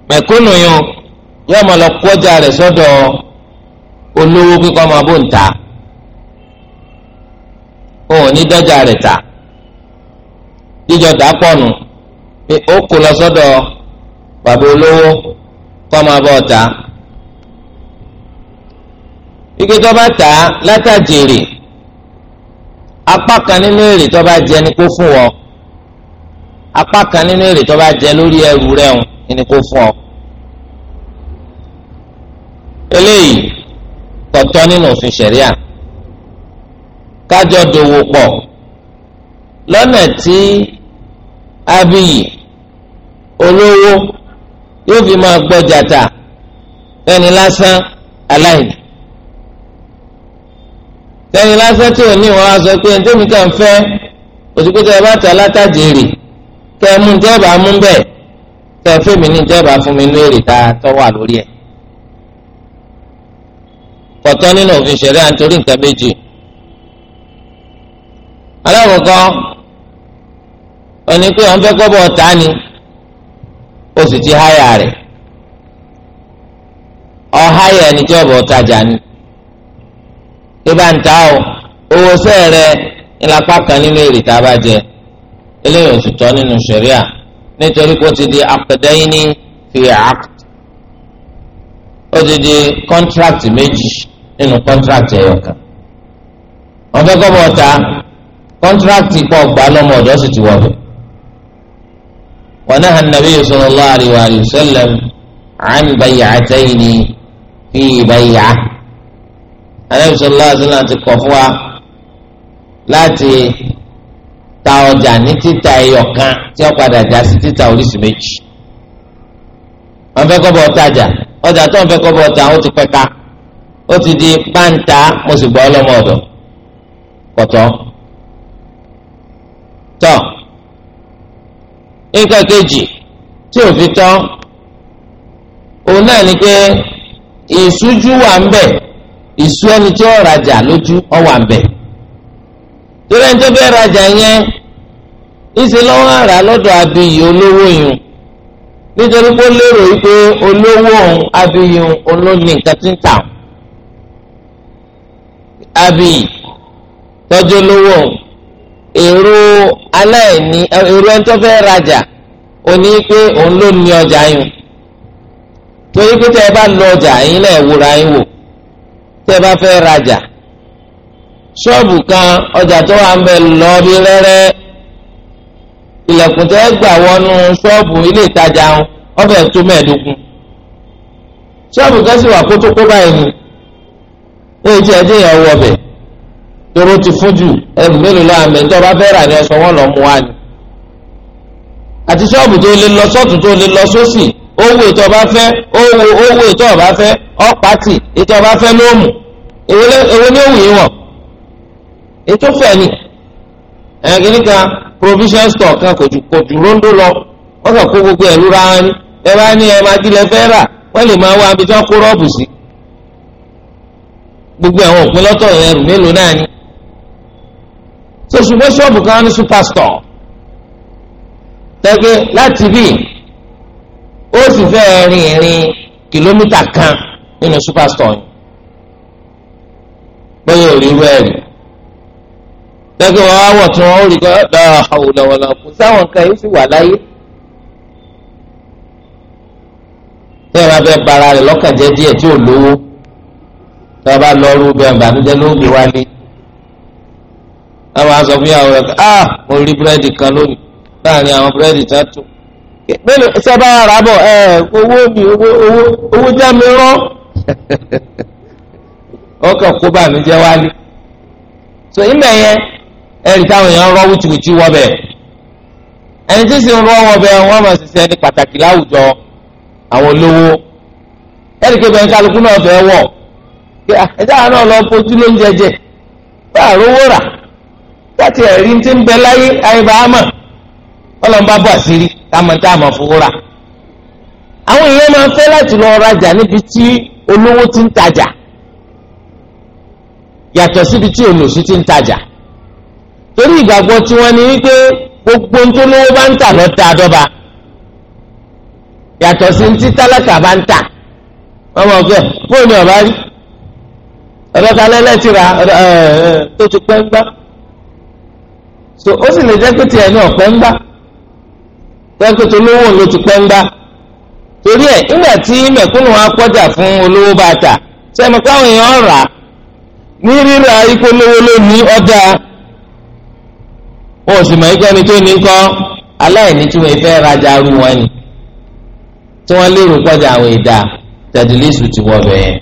mẹ̀kúnnù yìí yóò máa lọ kọjá rẹ̀ sọ́dọ̀ ọ́ olówó kíkọ́ máa bò ń ta òun ní dọ́jà rẹ̀ ta jíjọ dàpọ̀nù pé ó kò lọ sọ́dọ̀ bàbá olówó kọ́ máa bọ̀ ta ike tó bá tà á látàjèrè apá kan nínú èrè tó bá jẹ ni kó fún ọ apá kan nínú èrè tó bá jẹ lórí ẹrù rẹ̀ ni kó fún ọ eléyìí kọtọ nínú òfin ṣẹ̀ríà kájọ dòwò pọ̀ lọ́nà tí abiyì olówó yóò fi máa gbọ́jà tà ẹni lásán aláìní tẹni lásán tí ò ní wọn á sọ pé ẹni tẹ́mi kàn fẹ́ òsìkò tẹ bá tà látàjèrè kẹ mú tẹ́ bá mú bẹ́ẹ̀ tẹ fẹ́mi ní tẹ́ bá fún mi ní èrè tá a tọ́ wà lórí ẹ̀ kọ̀tọ́ nínú òfin ṣẹ̀rí à ń torí nǹkan méjì. alákọ̀ọ́kọ́ òní pé wọ́n fẹ́ gbọ́bọ̀ ọ̀tá ni ó sì ti háyà rẹ̀ ọ̀háyà ẹni tí ọ̀bọ̀ ọ̀tajà ni tó bá ń ta ọ owó sẹ́ẹ̀rẹ̀ ńlápá kan nínú èrè tá a bá jẹ eléyìí ò nínú ṣẹ̀ríà nítorí kó ti di akadẹ́yìn ní fi àkùtù ó ti di kọ́ńtrákìtì méjì nínú kọ́ńtrákìtì ẹ̀yọ̀ kan ọ̀fẹ́ kọ́bọ̀ ọ̀tá kọ́ńtrákìtì pọ̀ gbà lọ́mọ ọ̀dọ́ sì ti wọ̀bẹ̀. wọn náà nàbí sallallahu alaihi wa sallam an ya fi bay'ah anabi sallallahu alaihi Na ti kọ̀ fún wa láti ta ọjà ní títa ẹ̀yọ̀ kan tí ó padà já sí oríṣi méjì ọ̀tá ọjà tó ó ti di pàǹtà mo sì gbọ́ ọlọ́mọ ọ̀dọ̀ pọ̀tọ́ tọ́ nǹkan kejì tí ò fi tán òun náà ni pé ìṣújú wà ń bẹ̀ ìṣú ẹni tí ó rajà lójú ọ wà ń bẹ̀ torí ẹni tó fẹ́ rajà yẹn ìṣe lọ́wọ́ àrà lọ́dọ̀ abiyì olówó yun nítorí pé ó lérò àbí tọ́jú lówó èrò aláìní èrò ẹni tó fẹ́ rajà oní pé òun ló ní ọjà yín torí pé tẹ́ ẹ bá ọjà yín náà wúra yín wò tẹ́ ẹ bá fẹ́ rajà ṣọ́ọ̀bù kan ọjà tó wà ń bẹ lọ bí rẹ́rẹ́ ilẹ̀kùn tẹ́ ẹ gbà wọnú ṣọ́ọ̀bù ilé ìtajà wọn ọbẹ̀ tó mẹ́ẹ̀ẹ́dógún ṣọ́ọ̀bù kan wọ́n ti ẹjẹ́ yẹn wọ bẹ̀ tóró ti fún jù ẹ̀bùn mélòó láàmì ẹ̀ ń tọ́ bá fẹ́ rà ní ọ̀sán wọn lọ mú wa ni àti ṣọ́ọ̀bù tó lè lọ sọ́tún tó lè lọ sósì owó ètò ọba fẹ́ owó owó ètò ọba fẹ́ ọ̀pátì ètò ọba fẹ́ lóòmù èwo ni òwì wọ̀ ètò fẹ́ ni ẹ̀ẹ́dínní kan provision store kan kò ju kò ju rondo lọ wọ́n kàn kó gbogbo ẹ̀ lura wọn ni ẹ bá ní ẹ máa dílé fẹ́ rà wọ́n lè máa wá abijọ́ kó rọ́ọ̀bù sí gbogbo àwọn òpin lọ́tọ̀ ẹrù mélòó náà ni. so ṣùgbọ́n ṣọ́ọ̀bù kan ní superstore tẹ́gbẹ́ láti bí ó sì fẹ́ rin ìrìn kìlómítà kan nínú superstore yìí bẹ́ẹ̀ ò rí bẹ́ẹ̀ rí tẹ́gbẹ́ wọn á wọ̀ tí wọ́n ó rí kọ́ àwòrán wọn náà kò sáwọn nǹkan yìí sì wà láyé. tẹ́ẹ̀ bá fẹ́ bara rẹ̀ lọ́kàn jẹ́ díẹ̀ tí ò lówó tí wọn bá lọ rú bẹ́ẹ̀ ìbànújẹ́ ló gbé wálé àwọn aṣọ fún yàrá rẹ ah mo rí búrẹ́dì kan lónìí láàrin àwọn búrẹ́dì tá a tó mélòó sábà rà bọ̀ ẹ owó mi owó owó owó já mi rán ọkàn <laughs> kó bànújẹ́ wálé so ìmọ̀ yẹn ẹ̀rì táwọn èèyàn rọ wútiwúti wọbẹ̀ ẹni tí sì ń rọ wọbẹ̀ wọn máa ṣiṣẹ́ ní pàtàkì láwùjọ àwọn olówó ẹ̀rì kébẹ̀ ń kálukú náà fẹ́ wọ̀ pé ẹjẹ àwọn náà lọ fojú ló ń jẹjẹ bá àrówó rà láti ẹ̀rí ti ń bẹ láyé àyèbá àmà ọlọ́nba bọ̀ àṣírí táàmùtá àmọ̀ fowó rà. àwọn èèyàn máa láti lọ níbi tí olówó ti ń tajà síbi ti ń tajà torí gbogbo tó lówó bá ń tà lọ ọ̀dọ́ta lẹ́lẹ́tì ra tó ti pẹ́ ń gbá so ó sì lè jẹ́ pé tiẹ̀ ní ọ̀pẹ́ ń gbá tẹ́kùtù olówó ló ti pẹ́ ń gbá torí ẹ̀ nígbà tí mẹ̀kúnnù wa kọjà fún olówó bá ta sẹ́mi káwọn èèyàn rà ní ipò lónìí ọjà wọn ò sì mọ̀ ni tó ní tí wọ́n fẹ́ àwọn ìdá ti wọ́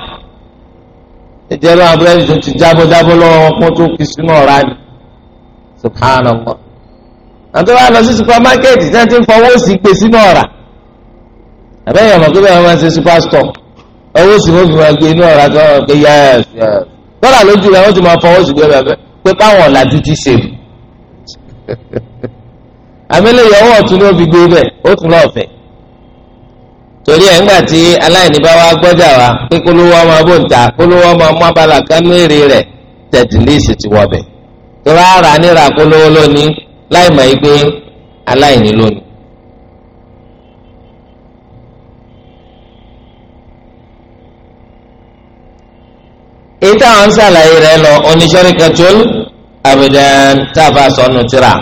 ìjẹ́rú abúlé tó ti jábọ́ jábọ́ lọ́wọ́ wọn kó tó fi sínú ọ̀rá ni subhanallah àti wọn lọ sí supamákẹ́ẹ̀tì tí wọ́n ti ń fọwọ́ sí gbé sínú ọ̀rá àbẹ́yẹ̀ ọmọ gbé wọn ṣe supastọ̀ owó sì wọ́n fi máa gbé inú ọ̀rá tó wọn gbé yẹ́s yẹ́s tọ́lá lójú rẹ̀ wọ́n ti máa fọwọ́ sí gbé bẹ́ẹ̀ pé báwọn ọ̀làjú ti ṣe <laughs> àmì lè yọ ọwọ́ ọ̀tún ló fi gbé bẹ́ẹ̀ ó tún lọ́ọ̀fẹ́ torí ẹ̀ ńgbà tí aláìní bá wá gbọ́jà wa pé kólówó ọmọ bó ń ta kólówó ọmọ mú abala kan ní èrè rẹ̀ tẹ̀dílísì ti wọ̀ bẹ̀ torí ara níra kólówó lónìí láì mọ̀ yí pé aláìní lónìí. èyí táwọn ń rẹ̀ lọ oníṣẹ́ríkẹ́tùl àbẹ̀dẹ̀ tá sọnù tìrà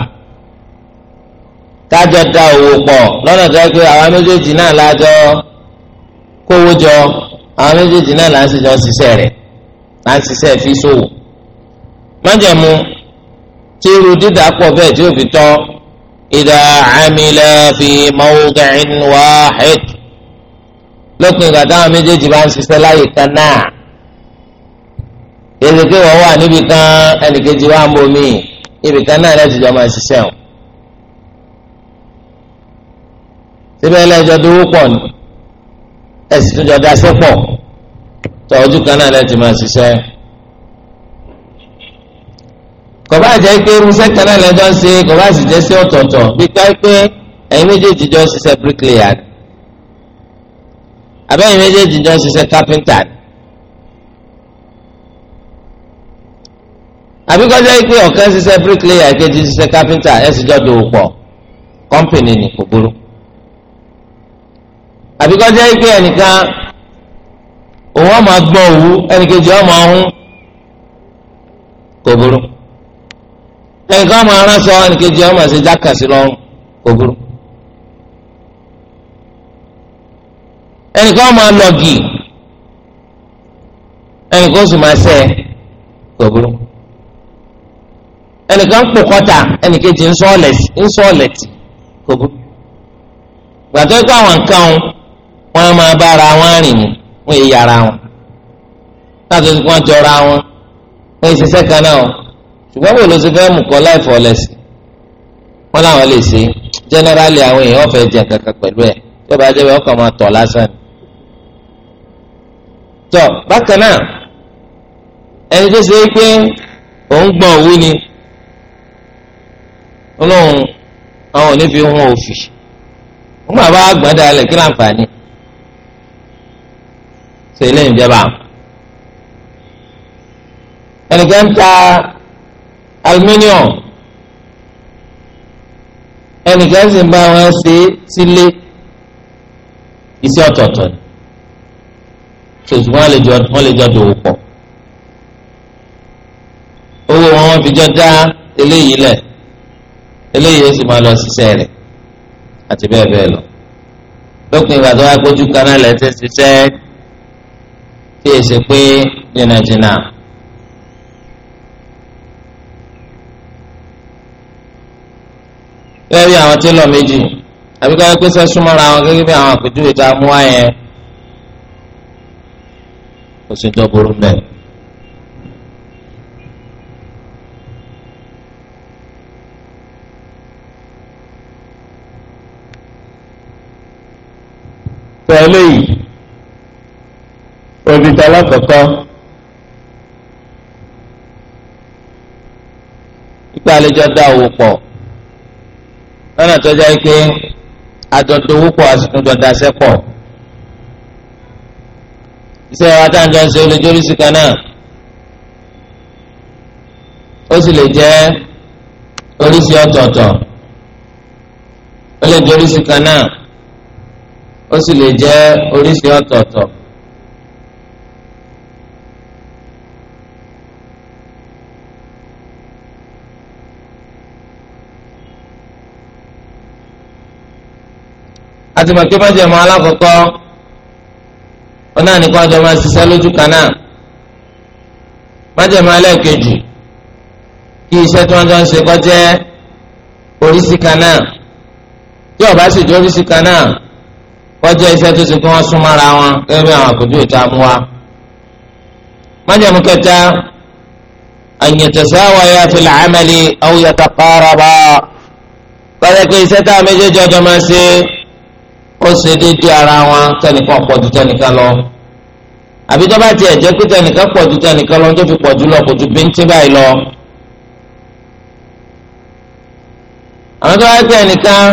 tájọ da owó pọ̀ lọ́nà tó yẹ pé àwọn méjèèjì náà lájọ kówó jọ àwọn méjèèjì náà là ń ṣèjọ ṣiṣẹ́ rẹ̀ là ń ṣiṣẹ́ fi ṣòwò. májẹ̀mú tí irú dídà pọ̀ bẹ́ẹ̀ tí ó fi tọ́ ìdá amila fi mawdi'in wahid lópin ìgbà táwọn méjèèjì bá ń ṣiṣẹ́ láyè kan náà èdè pé wọ́n wà níbi kan ẹnìkejì wà ń bomi ibì kan náà lẹ́sìn jọ máa ṣiṣẹ́ o. síbẹ̀ ẹlẹ́jọ́ dúró pọ̀ ni ẹ̀sìn tó jọ dasẹ́ pọ̀ tó ojú kan náà lẹ́tì máa ṣiṣẹ́. kọ̀bá jẹ́ pé irúṣẹ́ kan náà lẹ́jọ́ ń ṣe kọ̀bá sì jẹ́ sí ọ̀tọ̀ọ̀tọ̀ bí káyí pé ẹ̀yin méjèèjì jọ ṣiṣẹ́ bricklayer àbẹ́yìn méjèèjì jọ ṣiṣẹ́ carpenter àbíkọ́jọ́ pé ọ̀kan ṣiṣẹ́ bricklayer kejì ṣiṣẹ́ carpenter ẹ̀ jọ dòwò pọ̀ kọ́ńpìnì ni kò burú àbí kọ́ jẹ́ pé ẹnìkan òun ọmọ gbọ́ òwú ẹnìkejì ọmọ ọ̀hún kò burú ẹnìkan ọmọ aránsọ ẹnìkejì ọmọ ṣe jákàsí lọ́rùn kò burú ẹnìkan ọmọ alọ́gì ẹnìkan oṣù máa ṣe kò burú ẹnìkan pò kọ́tà ẹnìkejì ń sọ ọ̀lẹ̀tì kò burú gbàtọ́ ikú àwọn nǹkan ọ̀hún. wọn a máa bára wọn rìn ní wọn èyí ara wọn táàtò wọn jọra wọn wọn èsì sẹ́kàn náà ṣùgbọ́n wo ló ti fẹ́ mú kọ́ wọn làwọn lè ṣe generally àwọn èèyàn fẹ́ jẹ kankan pẹ̀lú ẹ̀ tó bá jẹ́ bẹ́ẹ̀ máa lásán ni. tọ́ bákan náà ẹni tó ṣe é pé òun òwú ni àwọn ò ní fi hún òfì wọn bá kí láǹfààní. ṣe ilé ìjọba ẹnìkan ta aluminium ẹnìkan sì ń bá wọn ṣe sílé iṣẹ́ ọ̀tọ̀ọ̀tọ̀ ni ṣùgbọ́n wọ́n lè jọ dòwò pọ̀ owó wọn wọ́n fi jọ dá eléyìí lẹ̀ eléyìí ó sì máa lọ ṣiṣẹ́ rẹ̀ àti bẹ́ẹ̀ bẹ́ẹ̀ lọ lópin ìgbà tó wá gbójú kaná lẹ́sẹ̀ ṣiṣẹ́ bí èsì pé jìnnàjìnnà. gẹ́gẹ́ bí àwọn télọ̀ méjì àbí ká pé sẹ́súnmọ́ra wọn gẹ́gẹ́ bí àwọn àpèjúwe tá a mú wáyẹn kò sí tó burú bẹ́ẹ̀. pẹ̀lú yìí ebi tẹ lọ́kọ̀ọ́kọ́ ipa àlejò dá owó pọ̀ lọ́nà tó jẹ́ pé àjọ̀dọ̀ owó pọ̀ àsìkúnjọ daṣẹ́ pọ̀ iṣẹ́ wa tá à ń jọ ń ṣe olójórísì kan náà ó sì lè jẹ́ oríṣi ọ̀tọ̀ọ̀tọ̀ ó kan náà ó sì lè jẹ́ oríṣi ọ̀tọ̀ọ̀tọ̀. àti màkì májẹ̀mú alákọ̀ọ́kọ́ ọ̀nà nìkan àjọ máa ṣiṣẹ́ lójú kan náà májẹ̀mú ẹlẹ́ẹ̀kejì kí iṣẹ́ tí wọ́n jọ ń ṣe kó jẹ́ oríṣi kan náà tí ó bá sì jẹ́ oríṣi kan náà kó jẹ́ iṣẹ́ tó ṣe kí wọ́n sún mọ́ra wọn gẹ́gẹ́ bí àwọn àkójú ìta mú wa. májẹ̀mú kẹta an yatasawaya fil amali aw yataqaraba kọ́jà pé iṣẹ́ tá a méjèèjì ọjọ́ máa ṣe é ó ṣe déédéé ara wọn tẹnìkan pọ̀ ju tẹnìkan lọ àbí tó bá tiẹ̀ jẹ́ pé tẹnìkan pọ̀ ju tẹnìkan lọ tó fi pọ̀ jù lọ kò ju bíntín báyìí lọ. àwọn tó bá tiẹ̀ nìkan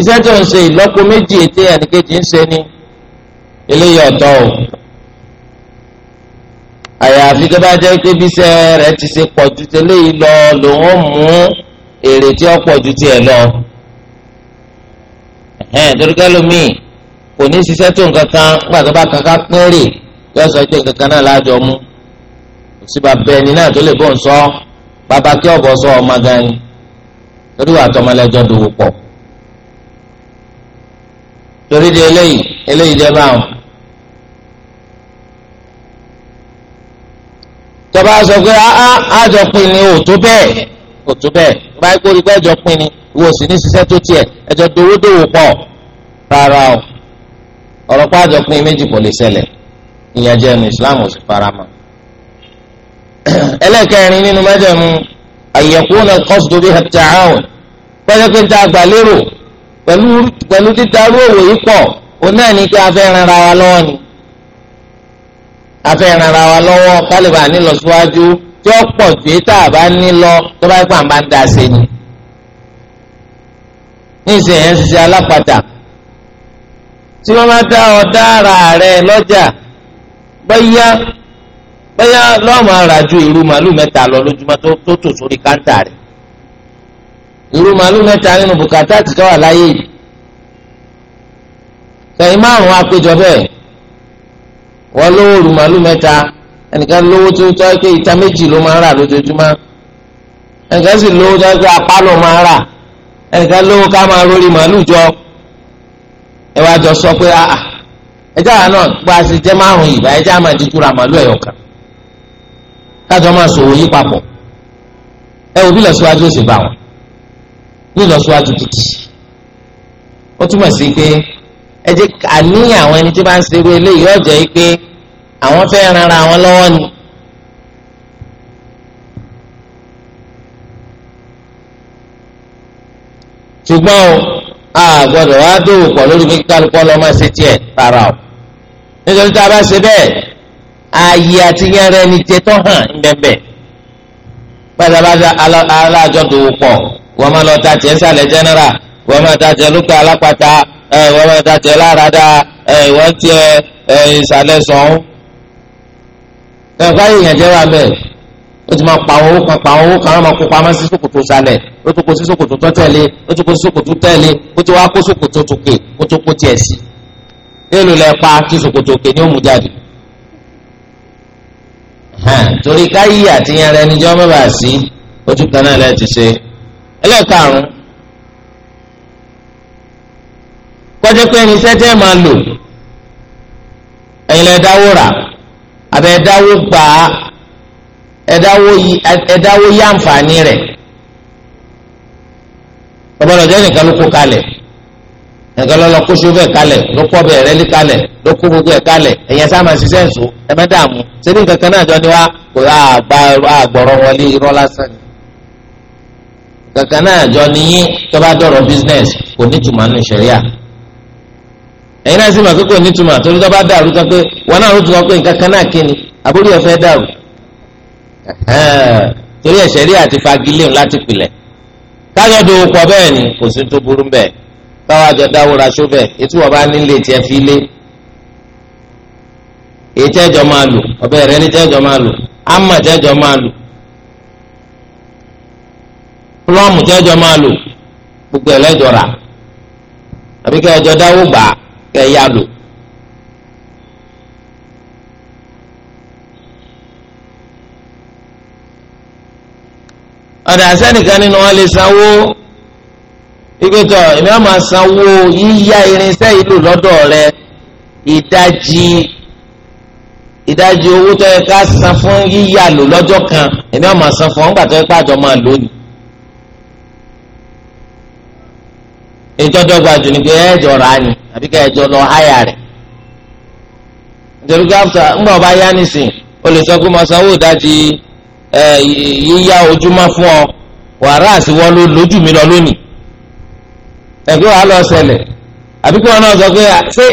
iṣẹ́ tó ń ṣe ìlọ́po méjì ètè ẹnìkejì ń ṣe ni eléyìí ọ̀tọ̀ o àyàfi tó bá jẹ́ pé bíṣẹ́ rẹ̀ ti ṣe pọ̀ ju tẹ́lẹ̀ yìí lọ lòun ó mú èrè tí ó pọ̀ ju tiẹ̀ lọ ẹ̀ torí kẹ́lómi kò ní ṣiṣẹ́ tó nǹkan kan nígbà tó bá kankan péré yọ sọ pé nǹkan kan náà lájọ mú òsínbà bẹ́ẹ̀ ni náà tó lè bọ̀ ń sọ bàbá kí ọ̀bọ̀ sọ ọmọ gan ni torí wà tọmọlẹ́jọ́ dòwò pọ̀ torí di eléyìí eléyìí jẹ́ báwọn. tọ́ba sọ pé a a àjọpin ni ò tó bẹ́ẹ̀ kò tó bẹ́ẹ̀ bá ikú rí pẹ́ẹ́jọ pín ni wo sì ní ṣiṣẹ́ tó tiẹ̀ ẹjọ́ dowódowó pọ̀ rárá o ọ̀rọ̀ pàjọ pín méjì kò lè ṣẹlẹ̀ ìyẹn jẹ́ ẹnu ìsìláàmù sì farama. <clears throat> ẹlẹ́kẹ̀rin nínú mẹ́jẹ̀mú àyẹ̀kúnà kọ́sùdóbi hẹ̀tẹ̀hàn pẹ́ẹ́jọ́pẹ́ tá a gbà lérò pẹ̀lú dídarú òwò yìí pọ̀ òun náà ní kí a fẹ́ ran ara wa lọ́wọ́ ni a ara wa lọ́wọ́ tí ó pọ̀ ju èyí tá a bá ní lọ tó bá gbà máa ń da ṣe ni. ní ìsìn yẹn ṣiṣẹ́ alápatà tí wọ́n máa dá ọ̀dá ara rẹ̀ lọ́jà bóyá bóyá lọ́ọ̀mù ara ju ìrù màálù mẹ́ta lọ lójúmọ́ tó tò sórí káńtà rẹ̀ ìrù màálù mẹ́ta nínú bùkátà ti tọ́ wà láyé yìí sẹ́yìn márùn-ún àpéjọ bẹ́ẹ̀ wọ́n lówó ìrù màálù mẹ́ta ẹnìkan lówó tó tọ́ pé ìta méjì ló máa ń rà lójoojúmọ́ ẹnìkan sì lówó tó tọ́ pé apá ló máa ń rà ẹnìkan lówó ká máa rórí màálù jọ ẹ wá jọ sọ pé àà ẹjọ́ àwọn náà gba ṣe jẹ́ márùn-ún ìbá ẹjọ́ àmà dídú ra màálù ẹ̀yọ̀ kan kájọ máa ṣòwò yí papọ̀ ẹ wò bí lọ́síwájú ó sì bá wọn ní ìlọsíwájú gidi ó túmọ̀ sí pé ẹ àníyàn àwọn ẹni tí bá ń ṣerú eléyìí ọ̀jẹ̀ yìí pé àwọn fẹ́ ran ara lọ́wọ́ ni. ṣùgbọ́n o a gbọ́dọ̀ wá dòwò pọ̀ lórí kíkálukọ́ lọ́ máa ṣe tiẹ̀ rárá o nítorí tá a bá ṣe bẹ́ẹ̀ ààyè àti yẹrẹ ni jẹ tó hàn ńbẹ́ńbẹ́ pátápátá aláàjọ dòwò pọ̀ wọ́n máa lọ ta tiẹ̀ sálẹ̀ general wọ́n máa ta tiẹ̀ lókè alápàtà wọ́n máa ta tiẹ̀ láradà wọ́n tiẹ̀ ìsàlẹ̀ sọ̀hún ẹ̀ka èèyàn jẹ́ wà bẹ́ẹ̀ ó ti máa pa owó kan pa owó kan wọ́n máa kó pamọ́ sí ṣòkòtò sálẹ̀ ó tún kó sí ṣòkòtò tó tẹ̀lé ó tún kó sí ṣòkòtò tẹ̀lé ó tún wá kó ṣòkòtò tòkè ó tún kó tiẹ̀ sí nílùú lẹ pa tí ṣòkòtò òkè ni ó mú jáde torí káyí àti yẹn rẹ níjọ́ mẹ́bàá sí ojú kan náà lẹ́ẹ̀ ti ṣe ẹlẹ́ẹ̀karùn-ún kọjá pé irinṣẹ́ tẹ́ máa lò ẹ̀yin lẹ dáwó rà àbẹ ẹdáwó gbà á ẹdáwó yí ẹdáwó yí àǹfààní rẹ̀ ọgbọdọ jẹ nìkan ló kó kalẹ̀ nìkan lọlọ kó sóbẹ kalẹ̀ ló kó ọbẹ rẹ lé kalẹ̀ ló kó gbogbo ẹ kalẹ̀ ẹyẹ sáàmà ṣiṣẹ́ nsọ ẹ má dààmú ṣebí nǹkan náà jọ ni wá kò àgbọrọ wọlé irọ́ lásán ni kankan náà jọ nìyí tó bá dọ̀rọ̀ business kò ní tùmọ̀ nù sẹ́ríà ẹ̀yin náà sì máa kókò nítumọ̀ torí tó bá dàrú tó pé wọn náà ló tún sọ pé nǹkan kan náà kíni àbúrò ẹ̀fẹ́ dàrú torí ẹ̀ṣẹ̀ rí àti fagilé láti pilẹ̀ kájọ do pọ̀ bẹ́ẹ̀ ni kò sí tó burú bẹ́ẹ̀ káwọn àjọ dáwọ́ raṣọ bẹ́ẹ̀ etí wọn bá nílé tiẹ̀ fi lé èyí tẹ́jọ máa lò ọbẹ̀ rẹ ní tẹ́jọ máa lò ámà tẹ́jọ máa lò plọ́mù tẹ́jọ máa lò gbogbo ẹ̀lẹ́jọ rà àbíkẹ́ ẹjọ dáwọ́ gbàá fẹ́ yá lò. ọ̀dà sẹ́nìkan nínú wọn lè sanwó ìgbẹ́tọ̀ èmi àmà sanwó yíyá irinṣẹ́ ìlú lọ́dọ̀ rẹ ìdajì ìdajì owó tó yẹ ká san fún yíyá lò lọ́jọ́ kan èmi àmà san fún ọ̀gbà tó yẹ ká jọ máa lò ní. ìtọ́dọ́gba jù ni pé ẹ̀ẹ́dọ̀ rà ni àbí lọ háyà rẹ̀ nítorí gáfùtà ńgbà ọba yá nìsín o lè sọ pé sanwó yíyá ojúmọ́ fún ọ wàrà lójú mi lọ lónìí ẹ̀gbẹ́ lọ àbí kí náà sọ pé ṣé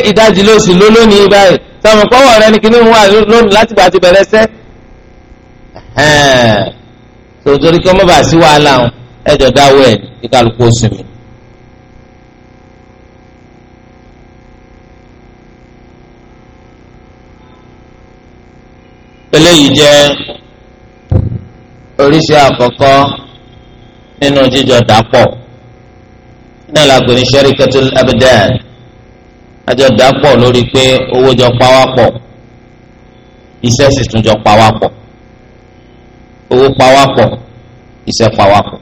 ló sì ló lónìí báyìí sọmọ rẹ ni kíní wà lónìí láti gbà ti bẹ̀rẹ̀ sẹ́ kí wọ́n sí wàhálà ẹ̀jọ̀ dáwọ́ ẹ̀ eléyìí jẹ́ oríṣi àkọ́kọ́ nínú jíjọ dàpọ̀ náà la gbé ní sharikatul abdan àjọ dàpọ̀ lórí pé owó jọ pawápọ̀ iṣẹ́ sì tún jọ pawápọ̀ owó pawápọ̀ iṣẹ́ pawápọ̀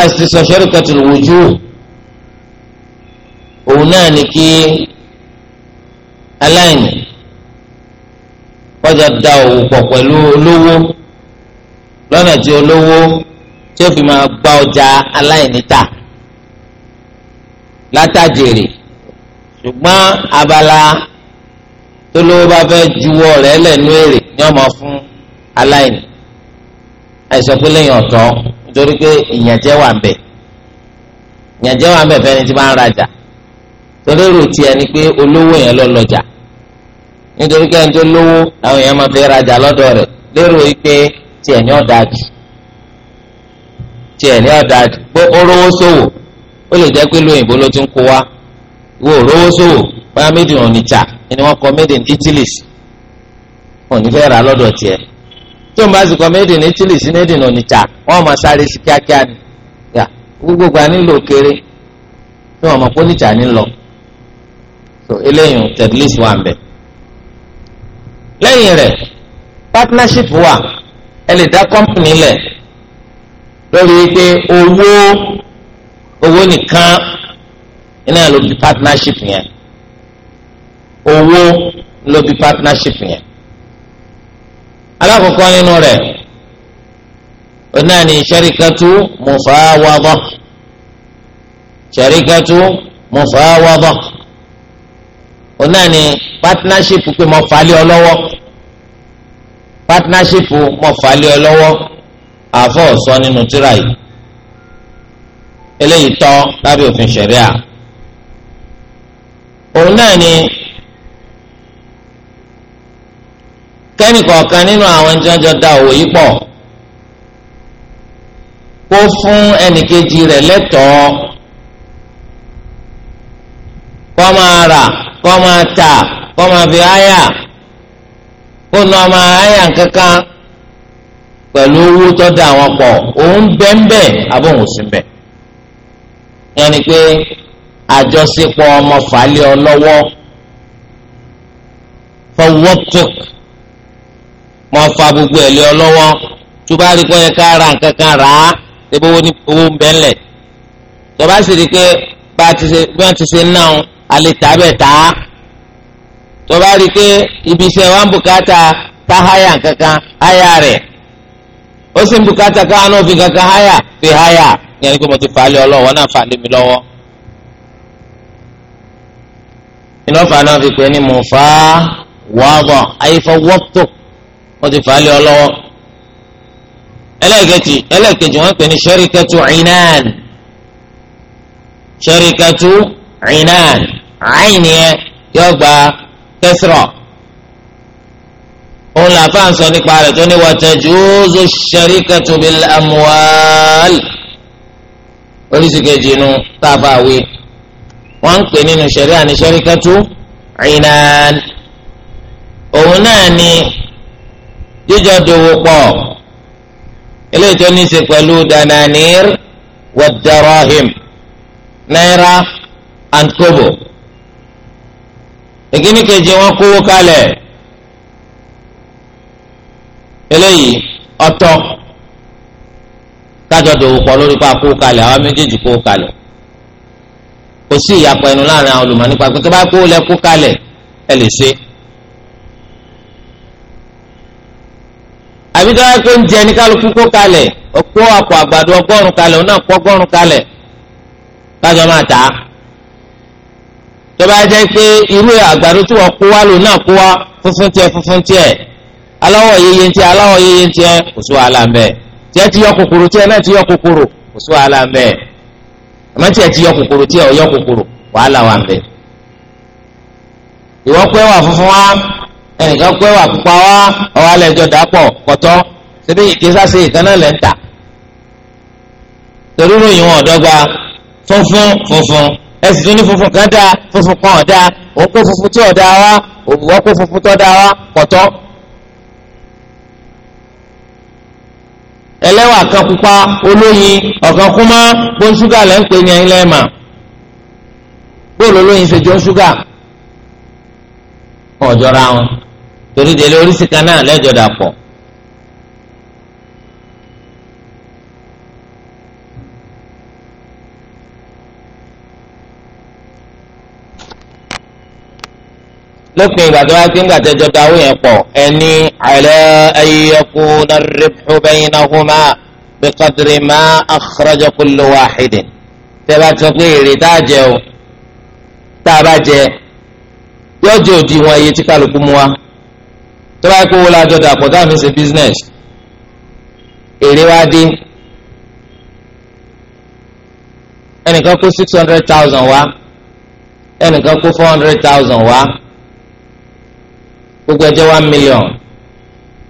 àìsí sọ sharikatul wujuh òun náà ni kí aláìní kọjá da òwò pọ̀ pẹ̀lú olówó lọ́nà tí olówó tí ó fi máa gba ọjà aláìníta látàjèrè ṣùgbọ́n abala tó lówó bá fẹ́ juwọ́ rẹ̀ lẹ́nu èrè ni ọmọ fún aláìní àìsàn pé lẹ́yìn ọ̀tọ̀ nítorí pé ìyànjẹ́ wà ń bẹ̀ ìyànjẹ́ wà ń bẹ̀ fẹ́ni tí máa ń rajà torí èrò tiẹ̀ ni pé olówó yẹn lọ lọ́jà. nítorí kẹ́hìn tó lówó àwọn èèyàn máa fi rajà lọ́dọ̀ rẹ̀ lérò pé tiẹ̀ ní ọ̀dà jù tiẹ̀ ní ọ̀dà jù ó rówó sòwò ó lè jẹ́ pé lóyìnbó ló ti ń kó wa wo rówó sòwò báyà méjì hàn níta ni wọ́n kọ made in Italy wọn ní fẹ́ ra lọ́dọ̀ tiẹ̀ tó ń bá sì made in Italy sí made in Onitsha wọ́n máa sáré sí kíákíá eléyìí tẹ̀lé sí wa lẹ́yìn rẹ̀ partnership wà ẹ lè dá company lẹ̀ lórí pé owó owó nìkan iná ló bí partnership yẹn owó ló bí partnership yẹn alákọ̀ọ́kọ́ nínú rẹ̀ onáà ní sharikatu mufawadha sharikatu mufawadha òun ni partnership pé mo fà á lé ọ lọ́wọ́ partnership mo fà á lé ọ lọ́wọ́ àfọ̀ sọ nínú tíra yìí eléyìí tọ́ lábẹ́ òfin ṣẹ̀ríà òun náà ni kẹ́nìkọ̀ọ̀kan nínú àwọn ẹni tí wọ́n jọ da òwò yìí pọ̀ kó fún ẹnìkejì rẹ̀ lẹ́tọ̀ọ́ kó máa rà kọ́ máa tà kọ́ máa fi háyà kó nà ọmọ háyà kankan pẹ̀lú owó tó dà wọn pọ̀ òun bẹ́ẹ̀nbẹ́ abóhùn sí bẹ́ẹ̀ yẹn ni pé àjọṣepọ̀ ọmọ fàálẹ̀ ọlọ́wọ́ fọwọ́ tók mọ fa gbogbo ẹ̀ lé ọ lọ́wọ́ tó bá rí kọ́ yẹ ká ra nǹkan kan rà á ṣe bó owó ń bẹ́ẹ̀ lẹ̀ sì rí pé bá ti ṣe náà alẹ́ tà bẹ́ẹ̀ tà á tó bá rí i pé ibi iṣẹ́ wa ń bùkátà tá háyà kankan háyà rẹ̀ ó sì ń bùkátà káwọn náà fi kankan háyà fi háyà ní ẹni pé mo ti fàálẹ̀ ọlọ́wọ́ náà fàálẹ̀ mi lọ́wọ́. iná fa náà fi pè mo fà á wàbọ̀ àyífọ̀ wọ́pọ̀ mo ti fàálẹ̀ ọlọ́wọ́. ẹlẹ́ẹ̀kejì ẹlẹ́ẹ̀kejì wọ́n pè ní sẹ́ríkẹ́tù ìnáàn sẹ́ríkẹ́tù àyìn yẹn yóò gba kẹsìrọ òun làfáà ń sọ nípa rẹ̀ tó ní wàtẹjúzù sharikatu bil amwal oríṣi kejì inú tábà wí wọ́n ń pè nínú sẹríà ní sharikatu inan òun náà ni jíjọ dòwò pọ̀ eléyìí tó ní í ṣe pẹ̀lú dananir wa náírà and kobo ìkíní kejì wọn kówó kalẹ̀ eléyìí ọ̀tọ̀ kájọ dòwò pọ̀ lórí pa kówó kalẹ̀ àwọn méjèèjì kówó kalẹ̀ kò sí ìyapa ẹnu láàrin àwọn olùmọ̀ nípa pé tó bá kówó lẹ kó kalẹ̀ ẹ lè ṣe. àbí tó bá ń jẹ ní kálukú kó kalẹ̀ ọ̀pọ̀ àpò àgbàdo ọgọ́rùn-ún kalẹ̀ ọ̀nà àpò ọgọ́rùn-ún kalẹ̀ kájọ máa tà á tọ́ba jẹ́ pé irú àgbàdo tí wọ́n kó wá lò náà kó wá funfun tiẹ̀ funfun tiẹ̀ aláwọ̀ yeye tiẹ̀ aláwọ̀ yeye tiẹ̀ kò sí wàhálà ń bẹ̀ tiẹ̀ ti yọ kòkòrò tiẹ̀ náà ti yọ kòkòrò kò sí wàhálà ń bẹ̀ àmọ́ tiẹ̀ ti yọ kòkòrò tiẹ̀ ò yọ kòkòrò wàhálà wà ń bẹ̀. ìwọ pé wà funfun wá ẹnìkan pé wà pupa wá ọwọ́ alẹ́ jọ dàpọ̀ pọ̀tọ́ síbi ìkísàsì ìkànnà lẹ́ ń tà torí ròyìn wọn ọ̀dọ́gba funfun funfun ẹsì tún ní funfun kan dáa funfun kan ọ̀dà òun kó funfun tí ọ̀dà wa òbúwọ́ kó funfun tó dáa wa pọ̀tọ́. ẹlẹ́wà kan pupa olóyin ọ̀kan kú mọ́ bó ń ṣúgà lẹ́ ń pè ní ẹyin lẹ́ẹ̀mà bóòlù olóyin ṣe jọ ń ṣúgà ọ̀jọ̀ra wọn torí délé oríṣi kan náà lẹ́jọ̀ dà pọ̀. lópin ìgbà tó wá sí ńgbà tẹjọ da owó yẹn pọ̀ ẹni àlẹ ayẹkú nàrẹpù bẹyìn náhùnmá bíkọdìrì má àkọrọjọkùlù wàhídì tẹbà tó pé èrè tá a jẹ o tá a bá jẹ yóò jẹ òdi wọn iye tí kálukú mu wa tó bá kó wọlé àjọ dàpọ̀ táwọn fi ṣe business èrè wa dé ẹnìkan kó six hundred thousand wá ẹnìkan kó four hundred thousand wá gbogbo ẹ jẹ́ one million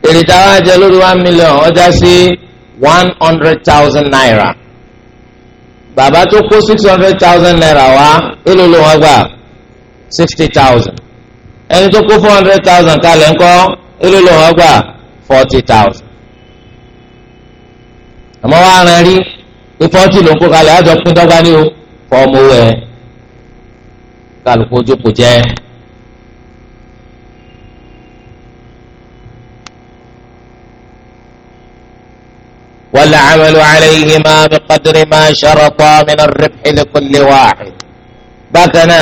èrè tá a wá jẹ lórí one million ọjà sí one hundred thousand naira bàbá tó kó six hundred thousand naira wá èló ló wọ́n gbà sixty thousand ẹni tó kó four hundred thousand kalẹ̀ ńkọ́ èló ló gbà forty thousand àmọ́ wàá rán rí pé forty ló ń kó kalẹ̀ àjọ pín dọ́gba ní o fọ́ ọmọ owó ẹ̀ kálukú ojú kò jẹ́ ẹ́. والعمل عليهما بقدر ما شرطا من الربح لكل واحد بكنا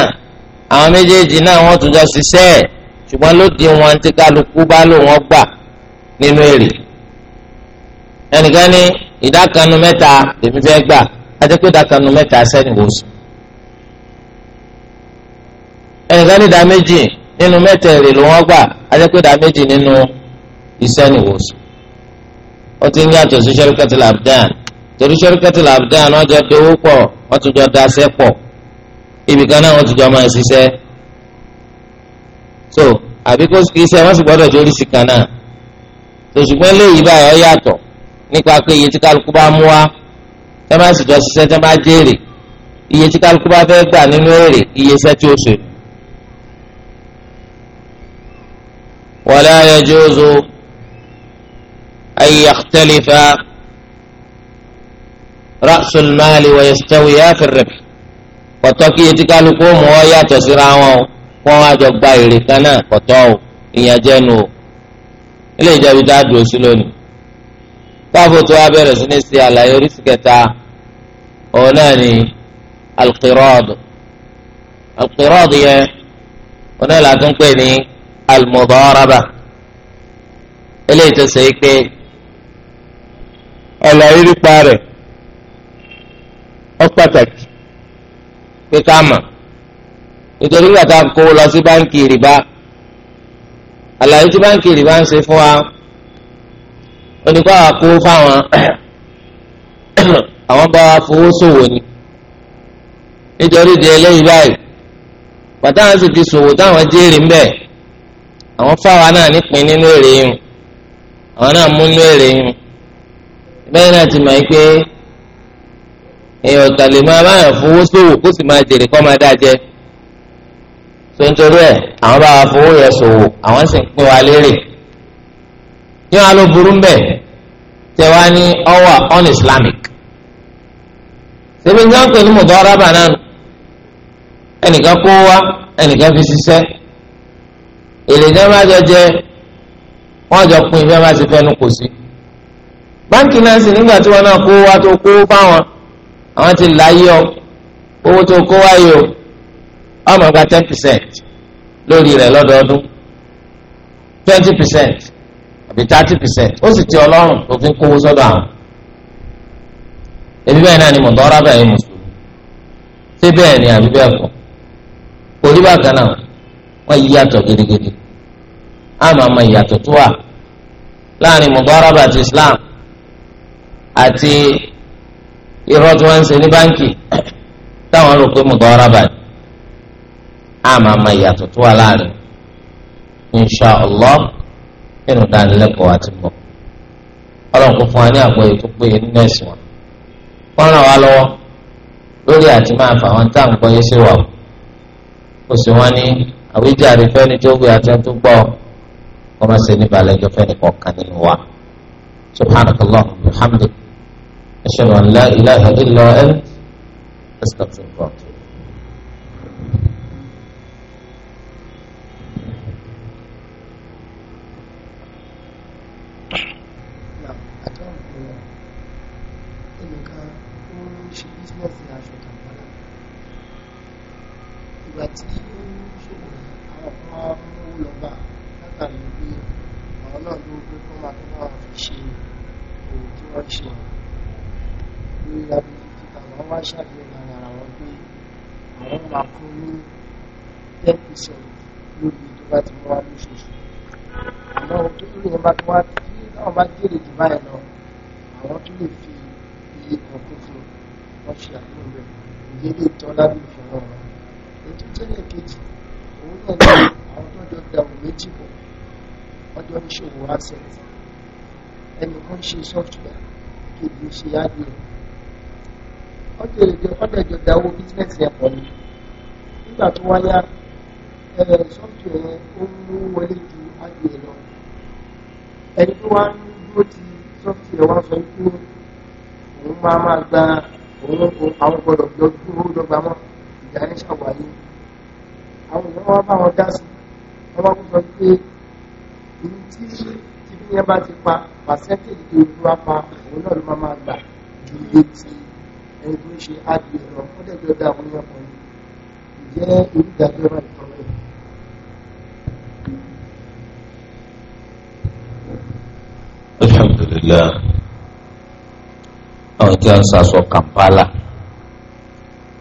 àwọn méjèèjì náà wọ́n tún jọ ṣiṣẹ́ ṣùgbọ́n ló di wọn tí kálukú bá lò wọ́n gbà nínú èrè ẹnìkan ní ìdákanu mẹ́ta lèmi fẹ́ gbà àti pé ìdákanu mẹ́ta sẹ́nìwó sùn ẹnìkan ní ìdá méjì nínú mẹ́ta èrè ló wọ́n gbà àti pé ìdá méjì nínú ìsẹ́nìwó sùn ó ti ń yàtọ̀ sí sharikatul abdan torí sharikatul abdan wọ́n jọ dowó pọ̀ wọ́n tún jọ daṣẹ́ pọ̀ ibìkan náà wọ́n tún jọ máa ṣiṣẹ́ so àbí kó iṣẹ́ wọ́n sì gbọ́dọ̀ jó oríṣi kan náà tó ṣùgbọ́n léyìí báyọ̀ yàtọ̀ nípa pé iye tí kálukú bá mú wá tẹ́ bá sì jọ ṣiṣẹ́ tẹ́ bá jèrè iye tí kálukú bá fẹ́ gbà nínú èrè iye iṣẹ́ tí ó ṣe. wala yajuzu أن يختلف رأس المال ويستويا في الربح pọtọkì etí kálukú mú ọ yàtọ̀ síra wọn o wọn wá jọ gba èrè kan náà pọtọ o ìyẹn jẹ nu o ilé ìjẹbi tá a dúró sí lónìí káfó tó wá bẹ̀rẹ̀ sí ní ṣe àlàyé oríṣi kẹta òun náà ni alqirad alqirad yẹn òun náà látún pè ní almudaraba ilé ìtọ́sẹ̀ yìí pé àlàyé nípa rẹ̀ ó pàtàkì pé ká mà nítorí nígbà tá a kó lọ sí báńkì rìbá àlàyé tí báńkì rìbá ń ṣe fún wa ó ní kó àwọn kó fáwọn <clears throat> àwọn bá wa fowó ṣòwò ni nítorí di eléyìí báyìí pàtàkì sì fi ṣòwò táwọn jèrè ń bẹ̀ àwọn fáwa náà nípìn nínú èrè yìí àwọn náà mú nínú èrè yìí bẹ́ẹ̀ náà ti mọ̀ yín pé èèyàn kan lè máa máa fowó ṣòwò kó sì máa jèrè kó máa dájẹ tó ń torí ẹ̀ àwọn bá wa fowó yẹ ṣòwò àwọn sì ń pín wa lérè ní wọn ló burú mbẹ tẹ wá ní ọwà un islamic ṣèbí ní pè ní mùdọ́rábà náà ẹnìkan kó wá ẹnìkan fi ṣiṣẹ́ èlé ní wọn jọ jẹ wọn jọ pín ìfẹ́ bá ti fẹ́ nu kò sí. báńkì náà sì nígbà tí wọn náà kó wa tó kó fáwọn àwọn ti là yí ọ owó tó kó wá yí ọ ọmọ gba ten percent lórí rẹ̀ lọ́dọọdún twenty percent àbí thirty percent ó sì ti ọlọ́run tó fi ń kówó sọ́dọ̀ àwọn ebi bẹ́ẹ̀ náà ni mọ̀tọ́ra bẹ́ẹ̀ ni mùsùlùmí ṣé bẹ́ẹ̀ ni àbí bẹ́ẹ̀ kọ́ orí bàtà náà wọ́n yí yàtọ̀ gidigidi àmọ́ àmọ́ ìyàtọ̀ tó wà láàrin Islam. àti irọ́ tí wọ́n ń ṣe ní báńkì táwọn rò pé mudaraba ni àmà àmà ìyàtọ̀ tó wà láàrin insha allah nínú ìdánilẹ́kọ̀ọ́ àti bọ̀ ọlọ́run kò fún wa ní àgbọ̀ ètò pé nínú ẹ̀sìn wa wọ́n ràn wá lọ́wọ́ lórí àti máa fà wọn tá à ń gbọ́ yé sí wa o sì wọ́n ní àwíjàre fẹ́ni tó gbé àti tó gbọ́ ọmọ sí ní balẹ̀ ẹjọ́ fẹ́ni kọ̀ọ̀kan nínú wa subhanakallah alhamdulilayi. أشهد أن لا إله إلا أنت أستغفرك àwọn wá ṣàgbéyàn ara wọn pé àwọn máa kún ní ten percent lórí tó bá ti wá lóṣooṣù àmọ́ tó lè yẹn bá tó wá tí àwọn bá jèrè jù báyìí lọ àwọn tó lè fi iye kan kún fún wọn ṣe àkóhùn rẹ̀ ìyẹn lè tọ́ lábẹ́ òfin wọn lọ ètò tẹ́lẹ̀ kejì òun náà ní ṣe software kejì ọjọ́ èdè ọ̀dọ̀ ìjọba owó bísínẹ́sì yẹn pọ̀ ni nígbà tó wáyá sọ́ọ̀tù yẹn ó mú wọlé ju àgbè lọ ẹni tó wá ń dúró ti sọ́ọ̀tù yẹn wá sọ pé òun máa máa gba òun àwọn gbọdọ̀ lọ dúró lọ́gbà mọ́ ìjà ní ṣàwáyé àwọn èèyàn wá bá wọn dá sí wọn wá kó sọ pé èyí tí tìbí yẹn bá ti pa pàṣẹ́tì ìdè olúwa pa òun náà ló máa máa gbà ju iye tí ẹni tó ń ṣe ábí lọ ó dẹjọ dá àwọn ọkùnrin ìjẹ onídàájọ bá nìkan mẹ. alhamdulilayi àwọn tí wọ́n sàṣọ Kampala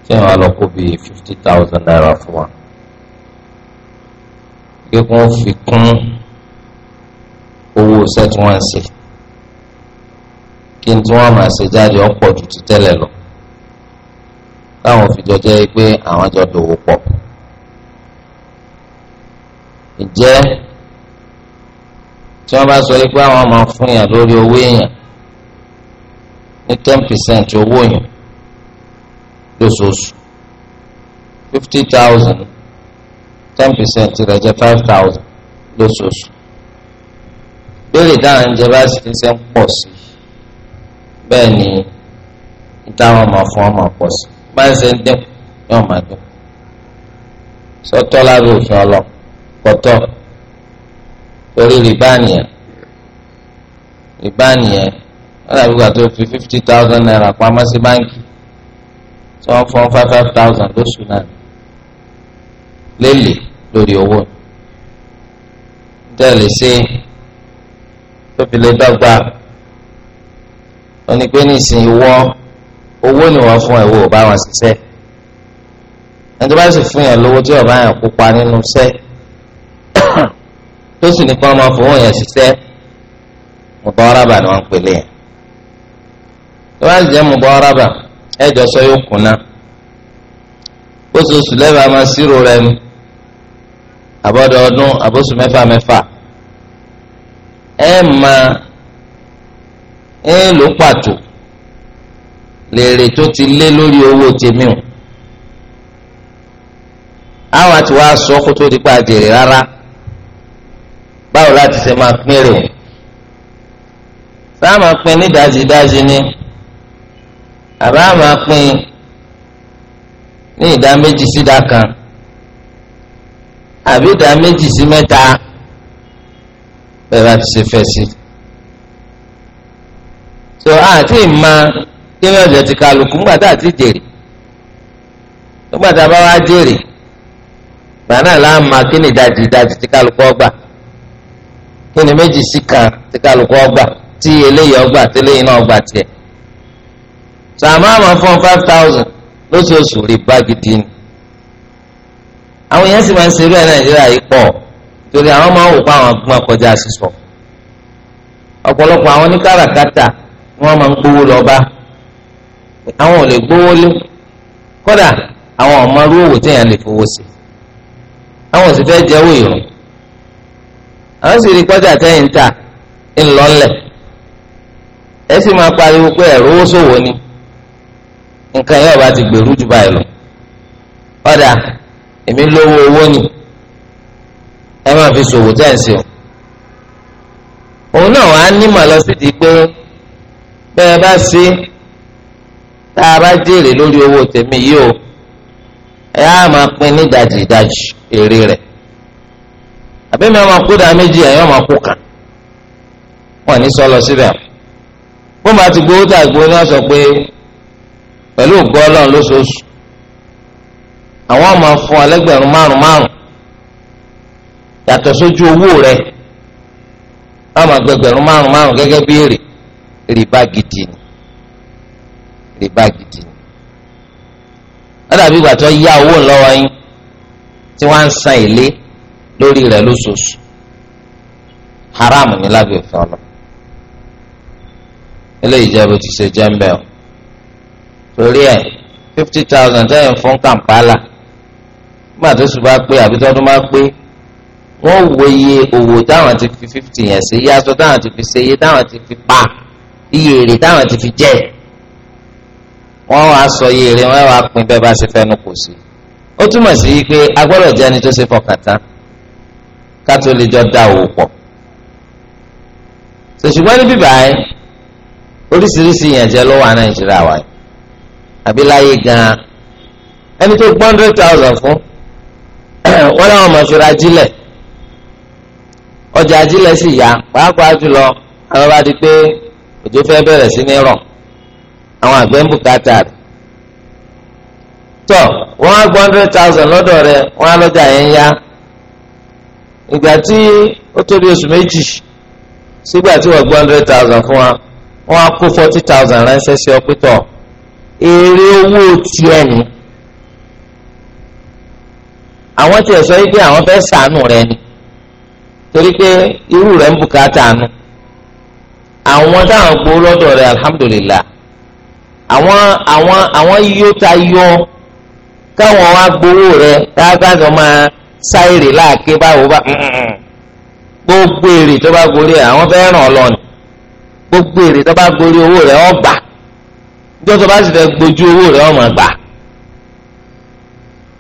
tí wọ́n lọ kó bíi fifty thousand naira fún wa kí wọ́n fi kún owó iṣẹ́ tí wọ́n ń ṣe kí n tí wọ́n máa ṣe jáde ọ̀pọ̀ ju ti tẹ́lẹ̀ lọ táwọn òfìjọ jẹ́ pé àwọn jọ dòwò pọ̀ ǹjẹ́ tí wọ́n bá sọ pé àwọn máa fún yàn lórí owó èèyàn ní ten percent owó yàn lóṣooṣù fifty thousand ten percent rẹ̀ jẹ́ five thousand lóṣooṣù béèrè dáhà ń jẹ bá sì ṣe ń pọ̀ sí bẹ́ẹ̀ ni ìtàwọn máa fún ọ máa pọ̀ sí máa ń ṣe ń dínkù yóò máa dínkù sọtọ lábẹ́ òfin ọlọ pọtọ torí rìbáànìyàn rìbáànìyàn wọn dàbí gbà tó fi fifty thousand naira pamọ́ sí báńkì tí wọ́n fọ́n five five thousand lóṣù náà lélẹ̀ lórí owó tẹ̀lé sí tó fi lè dọ́gba onígbé nìsín wọ́n owó ni wọ́n fún ẹ̀wọ́ ọba wọn ṣiṣẹ́ ẹni tó bá sì fún yàn lówó tí ọba yàn kópa nínú iṣẹ́ <coughs> tó sì ní kí wọ́n máa fowó yẹn ṣiṣẹ́ mùbáràbà ni wọ́n ń pèlè yẹn tó bá sì jẹ́ mùbáràbà ẹ̀jọ̀ sọ yóò kùnà oṣooṣù lẹ́bàá máa ṣírò rẹ ni àbọ̀dọ̀ ọdún àbóṣù mẹ́fà mẹ́fà ẹ̀ máa ń lò pàtó lèrè tó ti lé lórí owó tèmi o àwọn àti wàá sọ kó tó di pa jèrè rárá báwo láti ṣe máa pín rè o sáà máa pín ní dájídájí ni àbá máa pín ní ìdá méjì sídà kan àbí ìdá méjì sí mẹ́ta bẹ́ẹ̀ bá ti ṣe fẹ́ sí. so àti ìmọ̀. kémi ọ̀jẹ̀ ti kálukú ńgbà tá a ti jèrè ńgbà tá a bá wá jèrè gbàdá ma kí ni ìdajì ìdajì ti kálukú ọgbà kí ni méjì sí kan ti kálukú ọgbà tí eléyìí ọgbà tí eléyìí náà ọgbà tiẹ̀ sàmà àmà fún five thousand lóṣooṣù rí bágidi ni àwọn yẹn sì máa ń nàìjíríà yìí torí àwọn máa ń wò pa àwọn sísọ àwọn oníkàràkátà máa ń àwọn ò lè gbówó lé kódà àwọn ọmọ arú òwò téèyàn lè fowó sí àwọn ò sì fẹ́ jẹ́wọ́ ìrùn àwọn sì rí kọjá tẹ́yìn ta ńlọ́lẹ̀ ẹ sì máa pariwo pé ẹ̀rọ owó ṣòwò ni nǹkan yóò bá ti gbèrú jù báyìí lọ ọ̀dà èmi lówó owó ni ẹ máa fi ṣòwò tẹ́ǹsì o òun náà wàá nímọ̀ lọ sí di pé bẹ́ẹ̀ bá sí. tá a bá jèrè lórí owó tèmi yìí o ẹ á máa pín ní ìdajì ìdajì èrè rẹ̀ àbí mi ọmọ kú da méjì ẹ̀yọ́ ọmọ kú kan wọn lọ fún bá ti gbowó tá a gbowó ni wọ́n sọ pé pẹ̀lú ògbó ọlọ́run lóṣooṣù àwọn ọmọ fún ẹlẹ́gbẹ̀rún márùn márùn yàtọ̀ sójú owó rẹ̀ wọ́n máa márùn márùn gẹ́gẹ́ bí èrè gidi dé bá gidi ni wọ́n dàbí ìgbà tó yá owó lọ́wọ́ yín tí wọ́n á ń san èlé lórí rẹ̀ lóṣooṣù haram ní lábẹ́ òfin ọlọ́ eléyìí jẹ́ bó ti ṣe jẹ́ ń bẹ̀ ọ́ torí ẹ̀ fifty thousand tẹ́yìn fún Kampala nígbà tó sùn bá pé àbí tọ́dún bá pé wọ́n wo iye òwò táwọn ti fi fifty yẹn sí iye aṣọ táwọn ti fi ṣe iye táwọn ti fi pa iye èrè táwọn ti fi jẹ́ ẹ̀ wọ́n wàá sọ iye rẹ̀ wọ́n wàá pín bẹ́ẹ̀ bá ṣe fẹ́nu kò sí ó túmọ̀ sí pé agbọ́dọ̀ jẹ́ ẹni tó ṣe fọkàtà kátó lè jọ dá òwò pọ̀ ṣùgbọ́n níbí báyìí oríṣiríṣi ìyànjẹ ló wà nàìjíríà wa àbí láyé gan-an ẹni tó gbọ́n hundred thousand fún <clears throat> wọn làwọn máa fi ra ajílẹ̀ ọjà ajílẹ̀ sì yá pàápàá jùlọ àwọn bá di pé òjò fẹ́ bẹ̀rẹ̀ sí ní rọ̀ àwọn àgbẹ̀ ń bùkátà rẹ̀ tọ́ wọ́n á gbọ́ hundred thousand lọ́dọ̀ rẹ̀ wọ́n á lọ́jà yẹn yá ìgbà tí ó tóbi oṣù méjì sígbà tí wọ́n gbọ́ hundred thousand fún wa wọ́n á kó forty thousand ránṣẹ́ sí ọpítọ̀ èrè owó tiẹ̀ ni àwọn tiẹ̀ sọ yìí pé àwọn fẹ́ sànù rẹ ni torí pé irú rẹ̀ ń bùkátà nù àwọn táwọn gbowó lọ́dọ̀ rẹ̀ alhamdulillah àwọn àwọn àwọn yíyó ta yọ káwọn wá gbowó rẹ káàkiri máa sáìrì láàké báwo bá mm, mm, mm. gbogbo èrè tó bá gorí àwọn fẹ́ ràn ọ́ lọ ni gbogbo èrè tó bá gorí owó rẹ ọ́ gbà jọ́ tó bá sì fẹ́ gbójú owó rẹ ọ́ máa gbà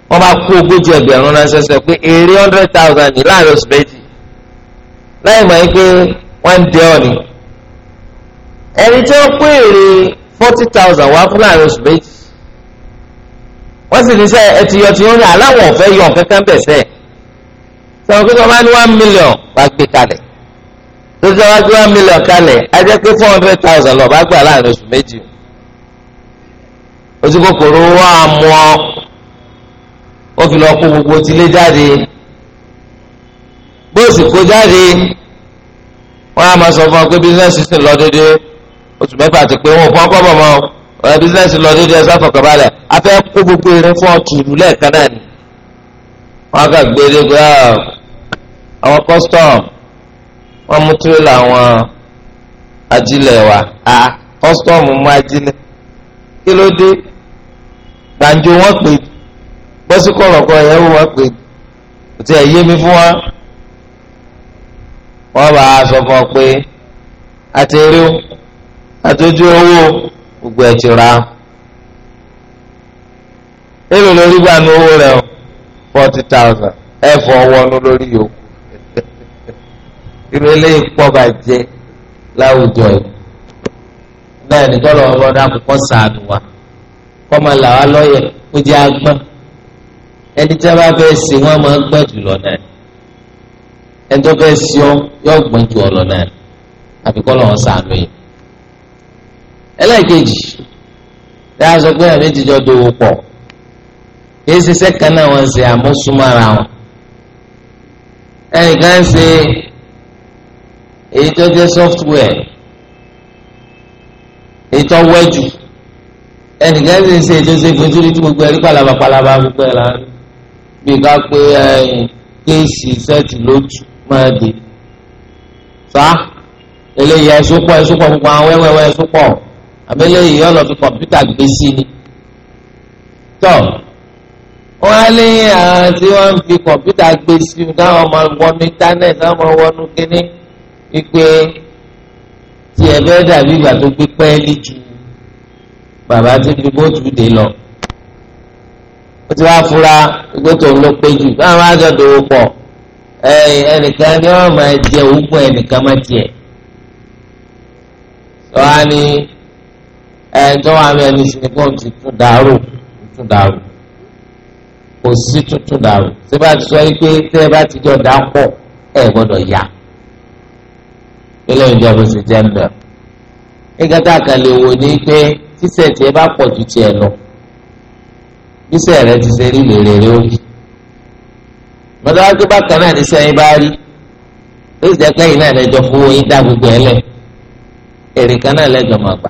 wọ́n bá kó ogójì ẹgbẹ̀rún ránṣẹ́ sọ pé èrè hundred thousand ní láàrin oṣù méjì láì mọ̀ pé wọ́n ń dẹ́ ọ ni ẹni tí wọ́n kó èrè forty thousand wá fún láàrin oṣù méjì wọ́n sì ní sẹ́ ẹ ti yọ ti yọ ní aláwọ̀ ọ̀fẹ́ yọ kankan bẹ̀ sẹ́ sọ̀rọ̀ pé sọ́mọ́ ní one million wá gbé kalẹ̀ tó sọ wá gbé one million kalẹ̀ á jẹ́ pé four hundred thousand lọ́ọ́ bá gbà láàrin oṣù méjì ojú kòkòrò wà mú ọ ó fi lọ kó gbogbo tilé jáde bó sì kó jáde wọ́n á máa sọ fún ọ pé business system lọ déédéé oṣù mẹ́fà ti pé wọn fún ọkọ bọ̀mọ́ ọ̀rẹ́ bísíǹsì lọ dédé ẹ̀sán fọkànbalẹ̀ afẹ́ kó gbogbo irin fún ọtún ìlú lẹ́ẹ̀kan náà ni wọn kà gbé dégbé ah, àwọn custom wọn mú tírélà wọn ajílẹ̀ wa a custom mú ajílẹ̀ kí ló dé gbàǹjo wọn pè bọ́síkọ̀rọ̀kọ̀ yẹn wọ́n pè tí ẹ̀ yé mi fún wa wọ́n bá a sọ fún ọ pé àti eré o àtọ́jú owó gbogbo ẹ̀ ti ra èrò lórí gbà ní owó rẹ̀ forty thousand ẹ fọ wọnú lórí yòókù irú eléyìí pọ̀ bàjẹ́ láwùjọ yìí bẹ́ẹ̀ ni dọ́lọ̀ ọlọ́dà àkọ́kọ́ sàánù wa kọ́ máa là wá lọ́yẹ̀ kó jẹ́ agbọ́n ẹni tí a bá fẹ́ sè wọ́n máa gbọ́n jù lọ náà ẹni tó fẹ́ sè ọ́ yọ gbọ́n jù ọ náà àbíkọ́ lọ́wọ́ sàánù yìí ẹlẹ́ẹ̀kejì tá a sọ pé àmì ìtìjọ́ dòwò pọ̀ kì í ṣiṣẹ́ kan náà wọ́n ń ṣe àmúṣúmára wọn ẹnìkan ń ṣe èyí tó jẹ́ software èyí tó wẹ́jù ẹnìkan ń ṣe èyí tó ṣe fojúrí tí gbogbo ẹ̀rí palaba palaba gbogbo ẹ̀ la bí ká pé kéèsì sẹ́ẹ̀tì lójú máa dé sá eléyìí ẹ̀sùn pọ̀ ẹ̀sùn pọ̀ gbogbo àwọn wẹ́wẹ́wẹ́ ẹ̀sùn pọ̀ àbẹ́lẹ́ yìí yọ lọ fi kọ̀mpútà gbé sí ni. tọ́ wọ́n á lé àwọn tí wọ́n ń fi kọ̀mpútà gbé sí i káwọn máa wọnú íńtánẹ́ẹ̀tì káwọn máa wọnú kínní wípé tí ẹ bẹ́ẹ̀ dàbí ìgbà tó gbé pẹ́ẹ́lí ju bàbá tí fi bóòtù dé lọ. ó ti wá fura ìgbótò ló pé jù káwọn máa dòwò pọ̀ ẹnìkan ni wọ́n máa jẹ òògùn ẹnìkan máa tiẹ̀. sọ wá ní ẹ̀ẹ́dọ́ abẹ́lé ṣùgbọ́n ti tún dàrú tún dàrú kò sí tuntun dàrú ṣé bá ti sọ yìí pé tẹ́ ẹ bá ti jọ dá pọ̀ ẹ gbọ́dọ̀ yá ilé ìjọba sì jẹ́ mbẹ́ nígbà tá a kàn lè wò ní pé tíṣẹ̀ tiẹ̀ bá pọ̀ ju tiẹ̀ lọ bíṣẹ̀ rẹ ti ṣe rí lèrè rí òkè mọ̀tàwájú bákan náà ní sẹ́yìn bá rí ó sì jẹ́ pé ìnáà lẹ́jọ́ fún oyin dá gbogbo ẹ̀ lẹ̀ èrè kan náà lẹ́jọ́ máa gbà.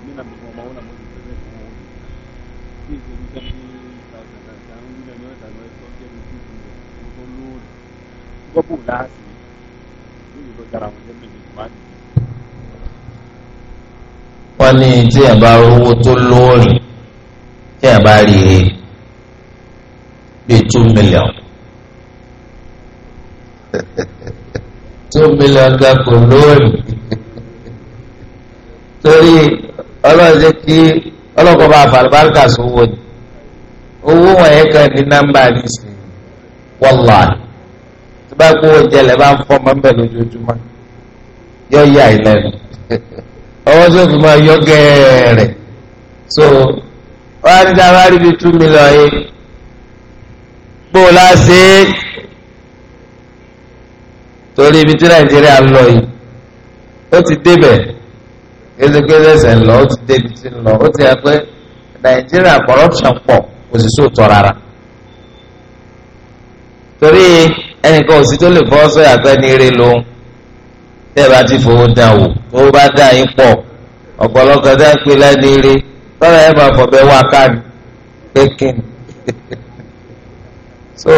gbọ́bù láàsì lórí ló dára wọn lẹ́mìí nípa ni. wọ́n ní tí ẹ̀ bá rówó tó lóòrìn tí ẹ̀ bá rí i bíi two million <laughs> two million ga kò lóòrìn <laughs> torí ọlọ́run jẹ́ kí ọlọ́kọ̀ bá àfàlùbáríkà sówó ni owó wọn yẹ kàn ní nọ́mbà ní sí wọ́lá tí bá kó oúnjẹ lẹ́ bá ń fọ́ ọmọ mbẹ́ lójoojúmọ́ yọ yà í lẹ́nu ọwọ́ tó fi máa yọ gẹ́ẹ̀rẹ̀ so wọ́n á ní dáhùn àríbi two million yìí kó o lá sí torí ibi tí nàìjíríà ń lọ yìí ó ti débẹ̀ kézékézé ṣẹ̀ ń lọ ó ti débi ti ń lọ ó ti yẹ pé nàìjíríà corruption pọ̀ kò sì sóòtọ́ rárá torí ẹnìkan ò sí tó lè fọwọ́ sọ́yà pé ní eré lòun tẹ́ ẹ bá ti fowó dá wò owó bá dá yín pọ̀ ọ̀pọ̀lọpọ̀ dá pé lẹ́ni eré tọ́lá ẹ máa fọ̀bẹ́ wá káàdì pékin <laughs> so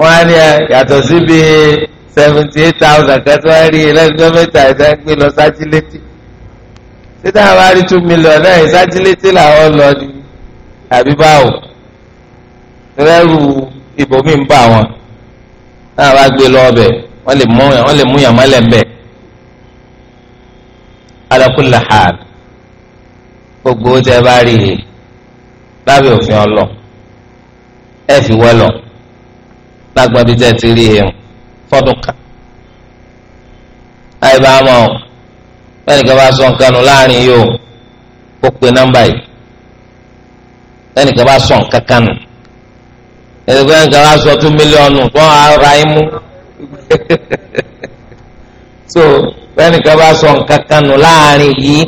wọ́n á ní yàtọ̀ síbi seventy eight thousand kẹ́tọ́ rí lẹ́nu tó mẹ́ta ẹ̀dá gbé lọ sájí létí títí àwọn arí two million náà ìsájílétí làwọn lọ ní àbí báwò rẹ́rù ìbòmí ń bà wọn náà wá gbé lọ ọbẹ̀ wọ́n lè mú yàn wọ́n lè mú yàn mọ́lẹ̀ mbẹ́ ala kulli hal gbogbo tẹ bá rí i lábẹ́ òfin ọlọ ẹ fi wọ́lọ̀ lágbọ́n ti rí i fọdún kan láì bá a ẹnìkan bá sọ nǹkan nù láàrin yìí o kó pe nọ́mbà yìí ẹnìkan bá sọ nǹkan kan nù ẹnìkan bá sọ tún mílíọ̀nù fún ara yín mú <laughs> so ẹnìkan bá sọ nǹkan kan nù láàrin yìí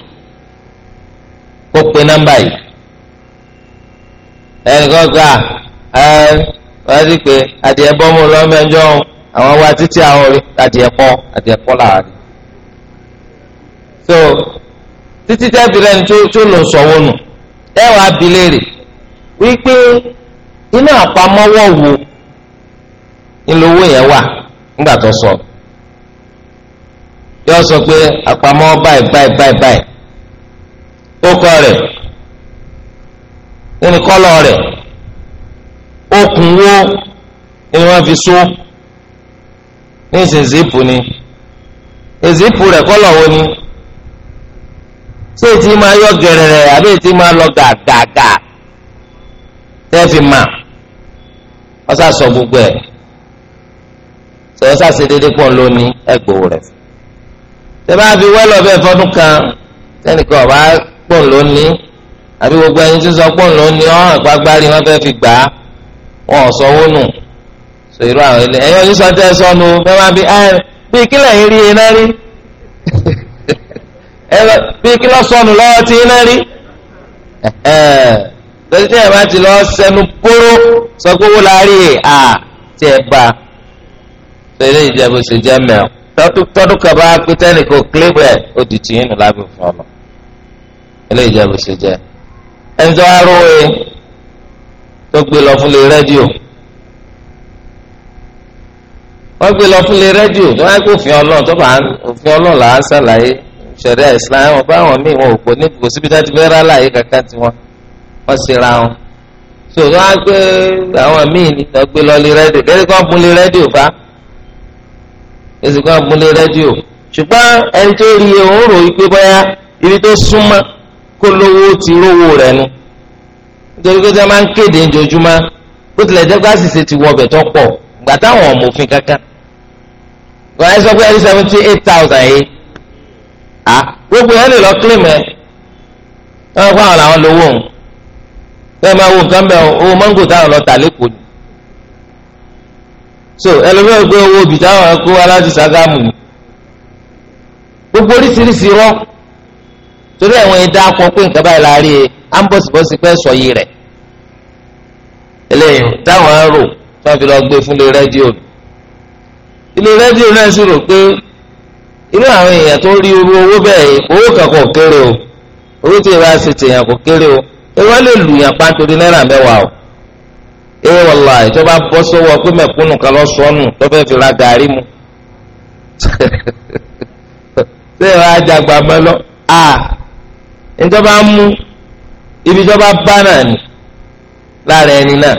kó pe nọ́mbà yìí ẹnìkan gbà ẹ wọ́n ti pè adìẹ bọ́mú lọ́mọ ẹjọ́ àwọn wa títí àwọn orí adìẹ kọ́ adìẹ kọ́ láàrin. so títí tẹ́bìrẹ́ ni tó lọ sọ̀wọ́ nù ẹ wàá bi wípé iná àpamọ́wọ́ wo ńlọwọ́ yẹn wà nígbà tó sọ yọ sọ pé àpamọ́wọ́ báyìí báyìí báyìí báyìí ó kọ rẹ̀ nínú so ní zipu ni rẹ kọlọ wo ni. ṣé etí máa yọ gẹrẹrẹ àbí etí máa lọ gàgàgà tẹ́ fi mà ọ̀sà sọ gbogbo ẹ̀ sọ ọ̀sà ṣe déédéé pọ̀ lónìí ẹgbòho rẹ̀ tẹ́ bá fi wẹ́lọ̀ bẹ́ẹ̀ fọdún kan tẹ́nìkan ọ̀bá pọ̀ lónìí àbí gbogbo ẹni tí sọ pọ̀ lónìí ọ̀hún àgbágbárí wọn fẹ́ fi gbà á wọn ò sanwó nù sọ irú àwọn ilé ẹ̀yọ́ yìí sọ tẹ́ sọnù bẹ́ẹ̀ máa bí kílẹ̀ yìí rí iná rí ẹ̀rọ bí kí lọ́ọ́ sọnù lọ́wọ́ tí iná rí lórí tí ẹ̀ bá ti lọ́ọ́ sẹnu kóró sọ pé wọ́n láàárí ẹ̀ à tí ẹ̀ bá fẹ́rẹ́ ìjẹ́bù sì jẹ́ mẹ́ọ̀ tọ́dún kan bá pété nìkan kílébẹ̀ ó di tìyín nù lábẹ́ fún ọ lọ ilé ìjẹ́bù sì jẹ́ ẹni tó e, tó gbé lọ fún rẹ́díò wọ́n gbé lọ fún rẹ́díò tó wá gbé òfin ọlọ́run tó bá òfin ọlọ́run là á sàlàyé. sẹ̀ríà islam ọba àwọn míì wọn ò pò ní kò síbi dájú fẹ́ rálá yìí kankan sì ra wọn. so wọ́n á gbé àwọn míì nígbà gbé lọ lé rẹ́díò kan mú lé bá kan mú lé ṣùgbọ́n ẹni tó rí òun rò ti rówó rẹ nu nítorí pé máa ń kéde bó tilẹ̀ jẹ́ ti tó sọ à ah, gbogbo yẹn lè lọ kílìmù ẹ wọn kó àwọn làwọn lówó òun bẹ́ẹ̀ máa wo nǹkan bẹ́ẹ̀ owó mọ́ngò táwọn lọ tà lẹ́kọ̀ọ́ ni so ẹlòmíràn gbé owó bìtá àwọn ẹkọ aláàjì sàgámù ni gbogbo oríṣiríṣi rọ torí àwọn ẹ̀dá akọ pé nǹkan báyìí la rí e à ń bọ̀sibọ̀si pé sọ yìí rẹ̀ eléyìí táwọn ń rò tí wọ́n fi lọ gbé fún ilé ilé rédíò náà sì rò pé irú àwọn èèyàn tó rí irú owó bẹ́ẹ̀ owó kankan kò kéré o owó tí ìwà ṣe tèèyàn kò kéré o ìwà lè lù yàn pa nítorí náírà mẹ́wàá o ee wàllá ìjọba bọ́ sọ́wọ́ pé mẹ̀kúnnù kan lọ sọ́nù tó fẹ́ fi ra gàrí mu <laughs> ṣé ìwà àjàgbà mọ́ a ìjọba mú ibi ìjọba bá náà ní lára ẹni náà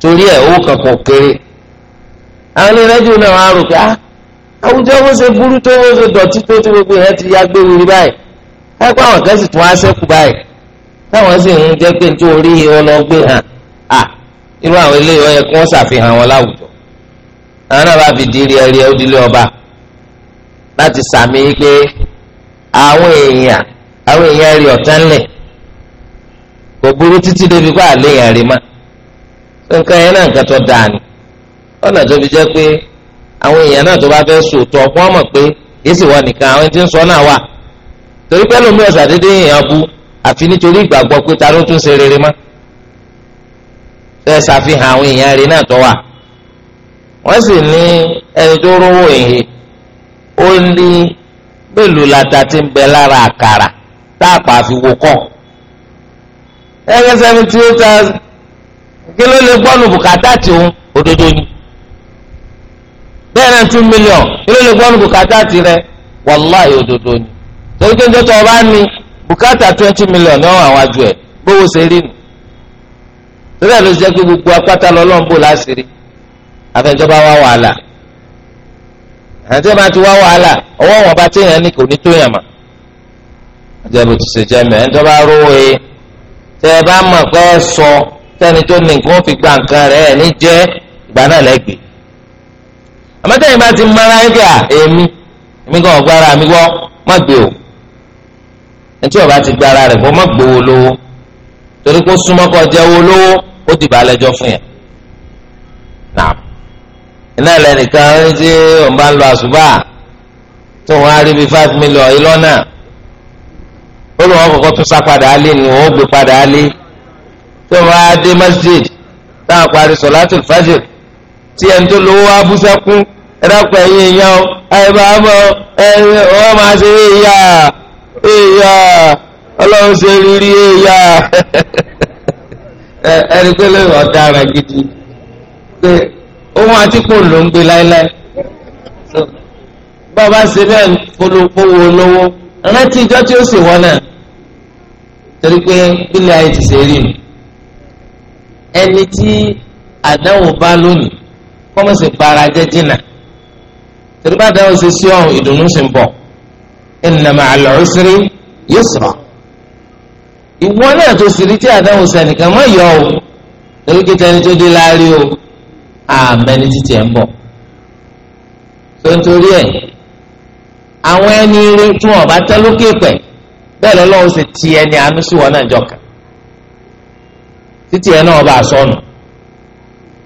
torí ẹ̀ owó kankan kéré àwọn ilé náà wọ́n á rò pé ah. àwùjọ wọn ṣe burú tó wọn ṣe dọ̀tí tó tí gbogbo yẹn ti ya gbé wuli báyìí káàkó àwọn kan sì tún wá sẹ́kù báyìí táwọn sì ń jẹ́ pé nítorí orí yìí wọn lọ gbé hàn à irú àwọn eléyìí wọn yẹ kí wọ́n ṣàfihàn wọn láwùjọ àwọn náà bá fi di rí ẹrí ọba láti sàmì pé àwọn èèyàn àwọn èèyàn rí kò burú títí débi àléyàn rí ma nǹkan yẹn náà nǹkan tó dáa ni ọ̀nà àwọn èèyàn náà tó bá fẹ́ sòótọ́ ọ̀pọ̀ ọmọ pé yéèsì wọ nìkan àwọn tí ń sọ náà wà torí pẹ́ lómi ọ̀sà dédé èèyàn bu àfi nítorí ìgbàgbọ́ pé ta ló tún ṣe rere mọ́ fẹ́ ṣàfihàn àwọn èèyàn rẹ̀ náà tó wà wọ́n sì ní ẹni tó rówó èhe ó ní mélòó lata ti ń bẹ lára àkàrà tá a pa bẹ́ẹ̀ náà two million ilé lè gbọ́n bùkátà tirẹ̀ wàláhì òdodo ni torí ọba ni bùkátà twenty million ní ọ̀hún àwájú ẹ̀ gbówó ṣe rí nu torí ẹ̀ ló ṣe gbogbo apáta lọ́lọ́mbò láṣìírí àfẹnjọba wá wàhálà àti ẹ̀ máa ti wá wàhálà ọwọ́ wọn bá téèyàn ní kò ní tó yàn mà àjẹbù ti ṣe jẹmẹ ẹ̀ ń tọ́ba rówó e tẹ ẹ bá mọ̀ pé ẹ sọ tẹni tó ní nǹkan fi gba nǹkan ní ìgbà àmọ́tẹ́yìn bá ti mara ẹ̀ kí à èmi èmi kan ọ̀gbára mi wọ́ má gbé o ẹtí ọba ti gba ara rẹ̀ kó má gbowó lówó torí kó súnmọ́ kó jẹ́wó lówó ó ti bàa lẹ́jọ́ fún yẹn. nàá iná lẹ́nìkan ń ṣe òun bá ń lọ àṣùbà tó wọn á rí bíi five million ìlọ́nà ó lọ́wọ́ kọ́kọ́ tún sá padà á lé ni wọ́n ó gbé padà á lé tó wọn á dé masjid táwọn parí sọ̀látùl fajr tí ẹni tó lówó wá bú sẹ́kún ẹ dákun èèyàn o bá mọ wọ́n máa ṣe èèyà èèyà ọlọ́run ṣe rírí <laughs> ẹni pé gidi pé ohun àti kò ló ń gbé láéláé bàbá ṣe bẹ́ẹ̀ ń polówó lówó rántí ìjọ tí ó sì wọ́n náà torí pé ayé ti ṣe rí mi kọ́mọ̀sì bara jẹ́ jìnnà tẹ̀lifà dáhùn sí sí ọ̀hún ìdùnnú sì ń bọ̀ inna ma'al usri yusra ìwọ náà tó sì rí tí àdáhùn sẹ́nìkan mọ̀ yọ o torí kí tẹni tó dé láàrí o àmẹ́ni títí ẹ̀ ń bọ̀ tó ń torí ẹ̀ àwọn ẹni rí tí wọn bá tẹ́ lókè pẹ̀ bẹ́ẹ̀ lọ́lọ́run sì ti ẹni àánú sí wọn náà jọ títí ẹ náà bá a sọnù. So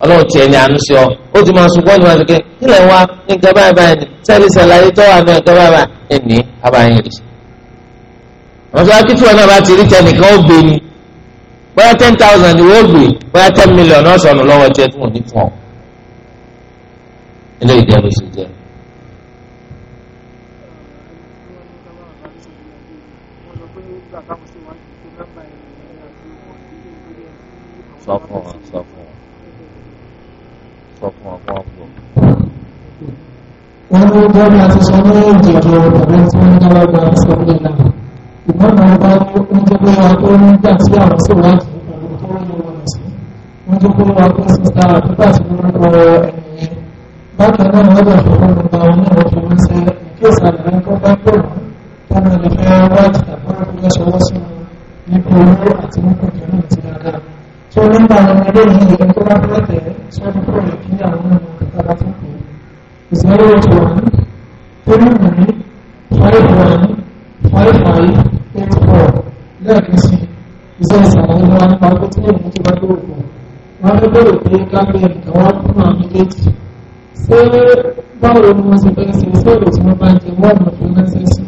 ọlọ́run tiẹ̀ ní àánú sí ọ ó ti máa sunkún ọ̀nìyàn àfikẹ́ nílẹ̀ wa ní nǹkan báyìí báyìí ni sẹ́ẹ̀lì sàlàyé tó wà náà nǹkan báyìí báyìí ẹ̀ ní abáyé rè. àwọn sọ akíntú ọ̀nà bá ti rí tẹ nìkan ó gbé ni bóyá ten thousand ni wọ́n gbé bóyá ten million náà sọnù lọ́wọ́ tiẹ̀ tó wọ́n ní fún ọ. ilé ìjẹ́ ló ṣe jẹ́. sọ fún ọ sọ fún sọ fún ọ fún ọgbọ. wọ́n ní gómìnà ti sọ ní ìjẹ̀jọ́ ọ̀rọ̀ tí wọ́n dáwọ́ gba ìsọ̀rọ̀ náà ìgbọ́n náà bá ń jẹ́ pé wa tó ń gbà sí àwọn síwájú pẹ̀lú tó ń lọ wọ̀nyí sí ń jẹ́ pé wa tó ń sísá àdúgbà sí orúkọ ẹ̀yìn bákan náà wọ́n lọ fún ọgbà wọn náà fi wọ́n ṣe ìkéèsì àlẹ́ bá pè wọ́n tó wájú àbúrò tó lọ́sọ̀wọ́sọ nípa owó tó nígbà àwọn eléyìí ẹni tó bá fẹ́ tẹ̀ sọ́dún kúrò kí àwọn ọmọ kàkàrà tó kù zero eight one three nine five one five five eight four lẹ́ẹ̀kan sí iṣẹ́ ìsàlàyé wa nípa pé tí èèyàn tó bá lóògùn wọn fẹ́ bẹ̀rẹ̀ pé kábẹ́ nǹkan wá fún àwọn méjèèjì ṣé báwo ni wọ́n ṣe fẹ́ ṣe ṣé èrò tí wọ́n bá jẹ wọ́n mọ̀ fún ránṣẹ́ sí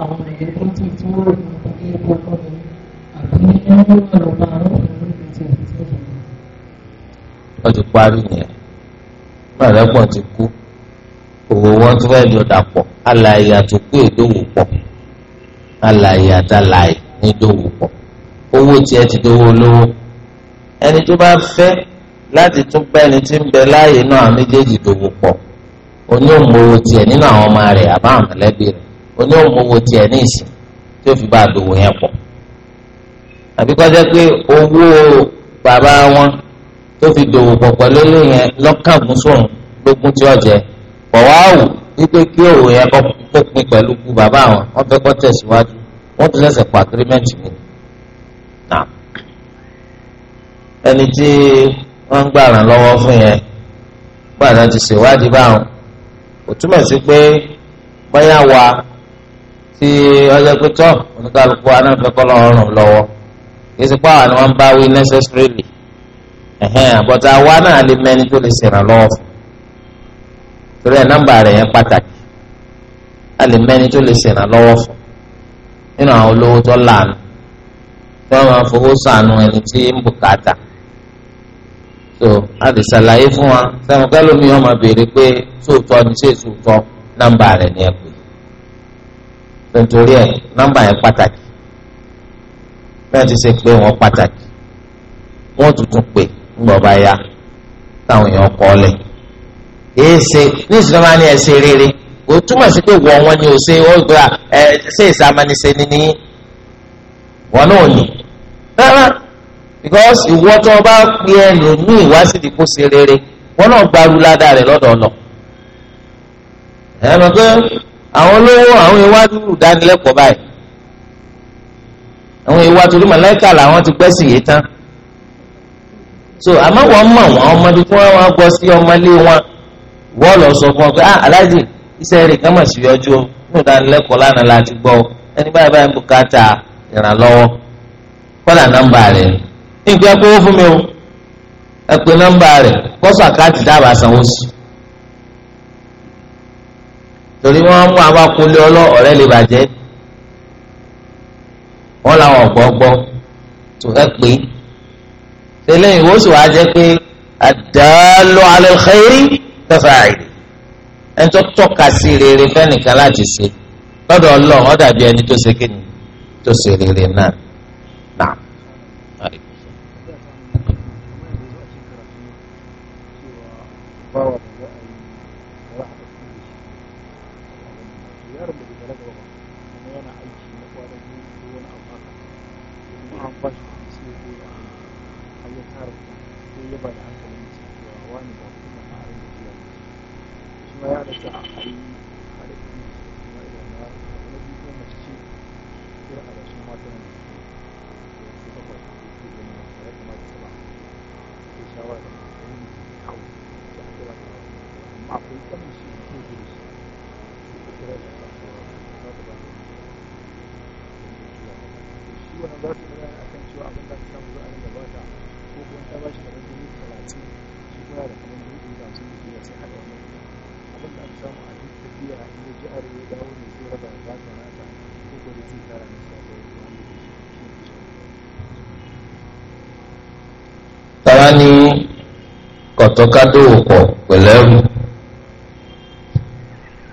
àwọn ìgbẹ́ tó ti tí wọ́n rò fún ọkọ̀ ẹ̀kọ́ ọkọ̀ rẹ̀ àbí ẹni ọ̀rọ̀ bá rọ̀ fún wọ́n ti parí yẹn mọ̀lẹ́pọ̀ ti kú òwò wọn tó fẹ́ẹ́ lọ dàpọ̀ alàyè àtòkú ìdòwò pọ̀ alàyè àtàlàyè ní ìdòwò pọ̀ owó tiẹ̀ ti dówó lówó ẹni tó bá fẹ́ láti tún bá ẹni tí ń bẹ láàyè náà méjèèjì dòwò pọ̀ oní òmòwò tiẹ̀ nínú àwọn ọmọ rẹ̀ àbá àmọ̀lẹ́bí rẹ̀ oní òmòwò tiẹ̀ ní ìsìn tí ó fi bá dòwò yẹn pọ̀ àbí kọ́ jẹ́ pé owó bàbá wọn tó fi dòwò pọ̀ pẹ̀lú ilé yẹn lọ́kàn mùsùlùmí lógún tí ó jẹ pọ̀ wá wù wípé kí òwò yẹn kọ́ pín pẹ̀lú ikú bàbá wọn wọ́n fẹ́ kọ́ tẹ̀síwájú wọ́n tún lẹ́sẹ̀ pa agirímẹ́ǹtì mi. ẹni tí wọ́n ń gbà ràn lọ́wọ́ fún yẹn gbàdá ti ṣèwádìí báwọn kò túmọ̀ sí pé bóyá wa tí ọjọ́ pé tọ́ oníkálukú anáfẹ́kọ́ lọ́rùn lọ́wọ́ kìsì pàwọn ni wọ́n bá wí necessarily awa na náà lè mẹ́ni tó lè ṣèrànlọ́wọ́ fún torí ẹ̀ nọ́mbà rẹ̀ yẹn pàtàkì a lè mẹ́ni tó lè ṣèrànlọ́wọ́ fún nínú àwọn olówó tó láàánú tí wọ́n máa fowó sànù ẹni tí ń bùkátà so a lè ṣàlàyé fún wa sẹ́wọ̀n kẹ́lómi máa béèrè pé náà ti ṣe pé wọ́n pàtàkì wọ́n tuntun pè ńgbọ̀ba ya táwọn èèyàn kọ́ lẹ̀ èyí ní ìsìlámà rere kò túmọ̀ sí pé wọ́n wọn ni ò ṣe wọ́n gba ni náà ní rárá because ìwọ tó bá pe ẹnu ní ìwásìdì kó ṣe rere náà gbaru ládàá lọ́dọ̀ ọ̀nà mọ̀ pé àwọn olówó àwọn ìwádìí àwọn ìwà torí màláìka làwọn ti pẹ́ sí yìí tán so àmọ́ wọ́n mọ̀ wọ́n ọmọdé tí wọ́n wá gbọ́ sí ọmọlé wọn wọ́n lọ sọ fún ọ pé ah aláàjì iṣẹ́ rẹ̀ kàn mà sí ọjọ́ fún ìdánilẹ́kọ̀ọ́ lánàá láti gbọ́ ẹni báyìí báyìí ìrànlọ́wọ́ nígbà fún mi o ẹ pé nọ́mbà rẹ̀ kọ́sọ̀ torí wọ́n mú àwọn akólé ọlọ́ ọ̀rẹ́ lè wọn làwọn ọ̀gbọ́ gbọ́ tó ẹ pé eléyìí wọ́n sì wá jẹ́ pé ad-dallu ala al-khayri kafa'ili ẹni tó tọ́ka sí rere fẹ́nìkan láti ṣe lọ́dọ̀ ọlọ́run ó dàbí ẹni tó ṣe kéde tó ṣe rere náà náà. Wow. ọ̀tọ̀ ká dòwò pọ̀ pẹ̀lú ẹrù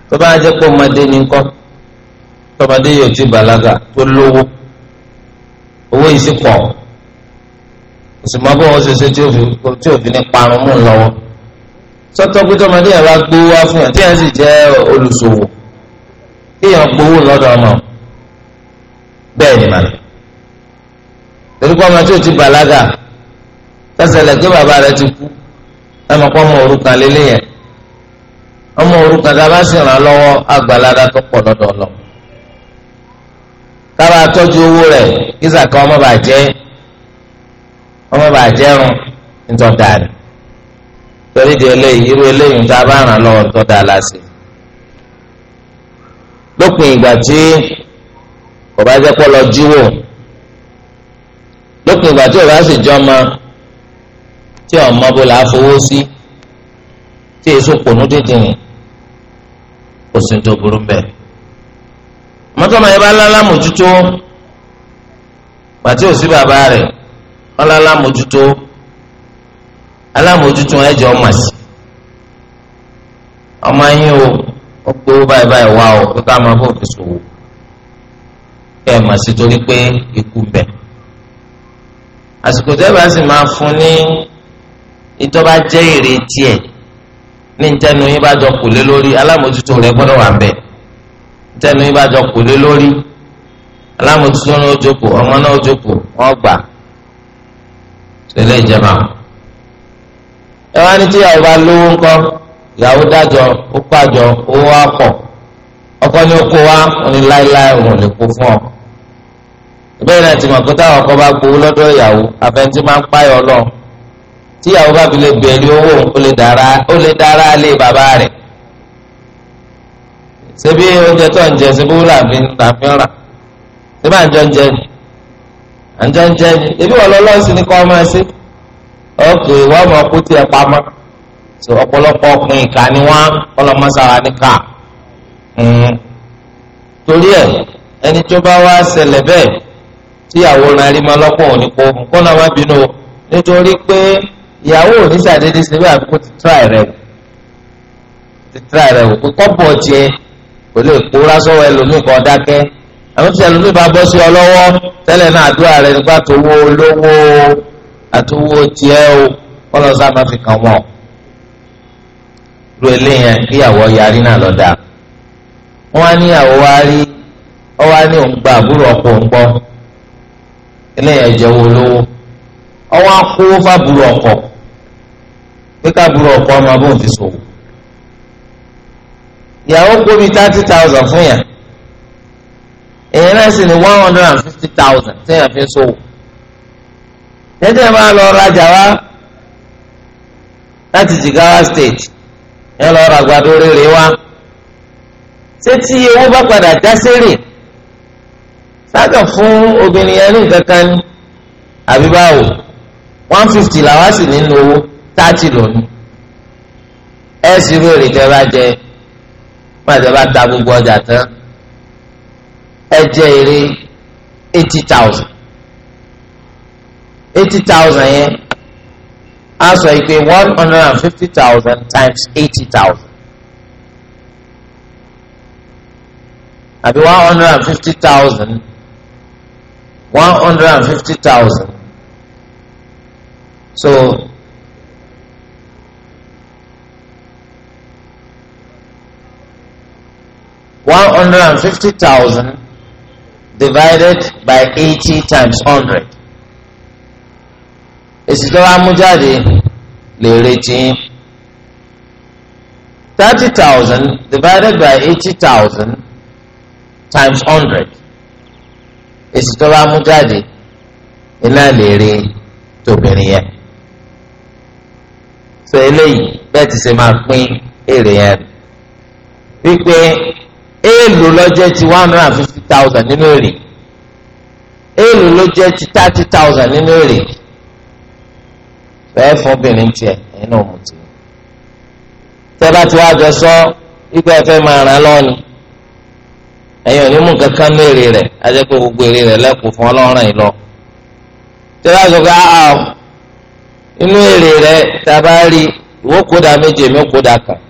tó bá jẹ́ pé ọmọdé ní kọ́ tọmọdé yóò ti bàlágà tó lówó owó yìí sì pọ̀ òsùnmọ́ bó wọn ṣẹṣẹ tí òfin ní parun mú lọ́wọ́ sọ́tọ́ pé tọmọdé yẹn bá gbowó wá fún yàn tí yẹn sì jẹ́ olùṣòwò kéèyàn gbowó lọ́dọ̀ ọmọ bẹ́ẹ̀ ni màá torí pé ọmọ tí ò ti bàlágà tẹsẹ̀lẹ̀ pé bàbá rẹ̀ ti kú ẹmọ kọ́ ọmọ òrukàn lélẹ̀ yẹn ọmọ òrukàn tá a bá sì ràn lọ́wọ́ àgbàlada tó pọ̀ lọ́dọ̀ lọ. kábà tọ́jú owó rẹ̀ kí sàkà ọmọ bàjẹ́ ọmọ bàjẹ́ rún nítọ́ta rẹ̀ torí di eléyìí irú eléyìí tá a bá ràn lọ́wọ́ nítọ́ta láṣẹ. lópin ìgbà tí kò bá jẹ́ pọ́ lọ jíwò lópin ìgbà tí ò máa tí ọmọ bó la fowó sí tí èso pònú dídìrín kò sí tó burú bẹ́ẹ̀. mọ́tọ́mọ́ yẹn bá lálá mójútó pàtí òsí bàbá rẹ̀ wọ́n lálá mójútó alámójútó ẹ̀jẹ̀ ọmọ sí ọmọ yín o ó pé báyìí báyìí wá o kó ká máa bó fi ṣòwò kẹ́ ẹ̀ mà sí torí pé ikú bẹ̀ àsìkò tẹ́ bá sì máa fún ní ìtọ́ba jẹ́ èrè tiẹ̀ ní ntẹ́nu yín bá jọ kù lé lórí alámòtútù rẹ̀ gbọ́dọ̀ wà bẹ́ẹ̀ ntẹ́nu yín bá jọ kù lé lórí alámòtútù náà ó jókòó ọmọ náà ó jókòó wọ́n gbà sílẹ̀ ìjẹba. ẹ wá ní tí ìyàwó bá lówó ńkọ́ ìyàwó dájọ́ ó pàjọ owó àpọ̀ ọkọ ní oko wa òní láéláé òun lè kó fún ọ. ìbéèrè àti mọ̀kútà ọkọ bá gbowó lọ́dọ̀ ìyàwó àfẹ́ntí máa ń páyọ̀ ọlọ́run tíyàwó bá fi lè bẹ̀rẹ̀ owó ó lè dára lé bàbá rẹ̀ ṣebí oúnjẹ tó ń jẹ ṣebí wúlò àfi àfi ń rà ṣebí àjọ ń jẹ ni àjọ ń jẹ ni ebi wọn lọlọsí ni kọ́ ọ máa ṣe ọkè wọn mọ kó tiẹ̀ pamọ́ ṣe ọ̀pọ̀lọpọ̀ ọkùn ìka ni wọn ọlọmọsára ní ká hmm. torí ẹ ẹni tó bá wá ṣẹlẹ̀ bẹ́ẹ̀ tíyàwó rẹ̀ rí ma lọ́pọ̀ òní kó kó náà má bínú nítorí pé. ìyàwó ò ní sàdédé síbi àfikún ti tíráì rẹ wò ti tíráì rẹ wò pé kọ́bọ̀ tiẹ̀ kò lè kóra sọ́wọ́ ẹlòmíì kan dákẹ́ àwọn tí ẹlòmíì bá bọ́ sí ọ lọ́wọ́ tẹ́lẹ̀ náà àdúrà rẹ nípa tó wó o kọ́lọ́ sá máa fi kàn wọ́n ru yarí náà lọ́dà wọ́n á rí ọ wá ní òun gba àbúrò òun gbọ́ owó olówó pé káàbùrò ọkọ ọmọ abóhùn fi ṣòwò ìyàwó gbómi thirty thousand fún yà èyí náà sì ní one hundred and fifty thousand téèyàn fi ṣòwò tẹ́tẹ́ máa lọ rajà wá láti Jigawa state ẹ lọ ra àgbàdo rere wá ṣé tí owó bá padà já sérè sáàkà fún obìnrin yẹn ní nǹkan kan àbí báwo one fifty làwa sì nínú owó tààtì lónìí ẹ sì rú èrè tẹ bá jẹ pàṣẹ bá ta gbogbo ọjà tán ẹ jẹ èrè eighty thousand eighty thousand yẹn á sọ yìí pé one hundred and fifty thousand times eighty thousand àbí one hundred and fifty thousand one hundred and fifty thousand so. one hundred and fifty thousand divided by eighty times hundred. èsì tó wá mú jáde lè retí thirty thousand divided by eighty thousand times hundred. èsì tó wá mú jáde iná lè rí tòbìnrin yẹn. sọ eléyìí bẹ́ẹ̀ ti ṣe máa pín èrè yẹn. wípé. èèlò lọ́jẹ́ ti one hundred and fifty thousand nínú èrè èèlò ti thirty thousand nínú èrè bẹ́ẹ̀ fún obìnrin tiẹ̀ ẹ̀yin náà mú tẹ́lá tí wàá jọ sọ igbá ẹ̀fẹ́ máa ràn án lọ́nu ẹ̀yin ò mú kankan ní èrè rẹ̀ ajẹ́ pé gbogbo èrè rẹ̀ lẹ́kùn fún ọlọ́run yìí lọ tẹ́lá sọ pé inú ah, ah, èrè rẹ̀ tá a mi kan.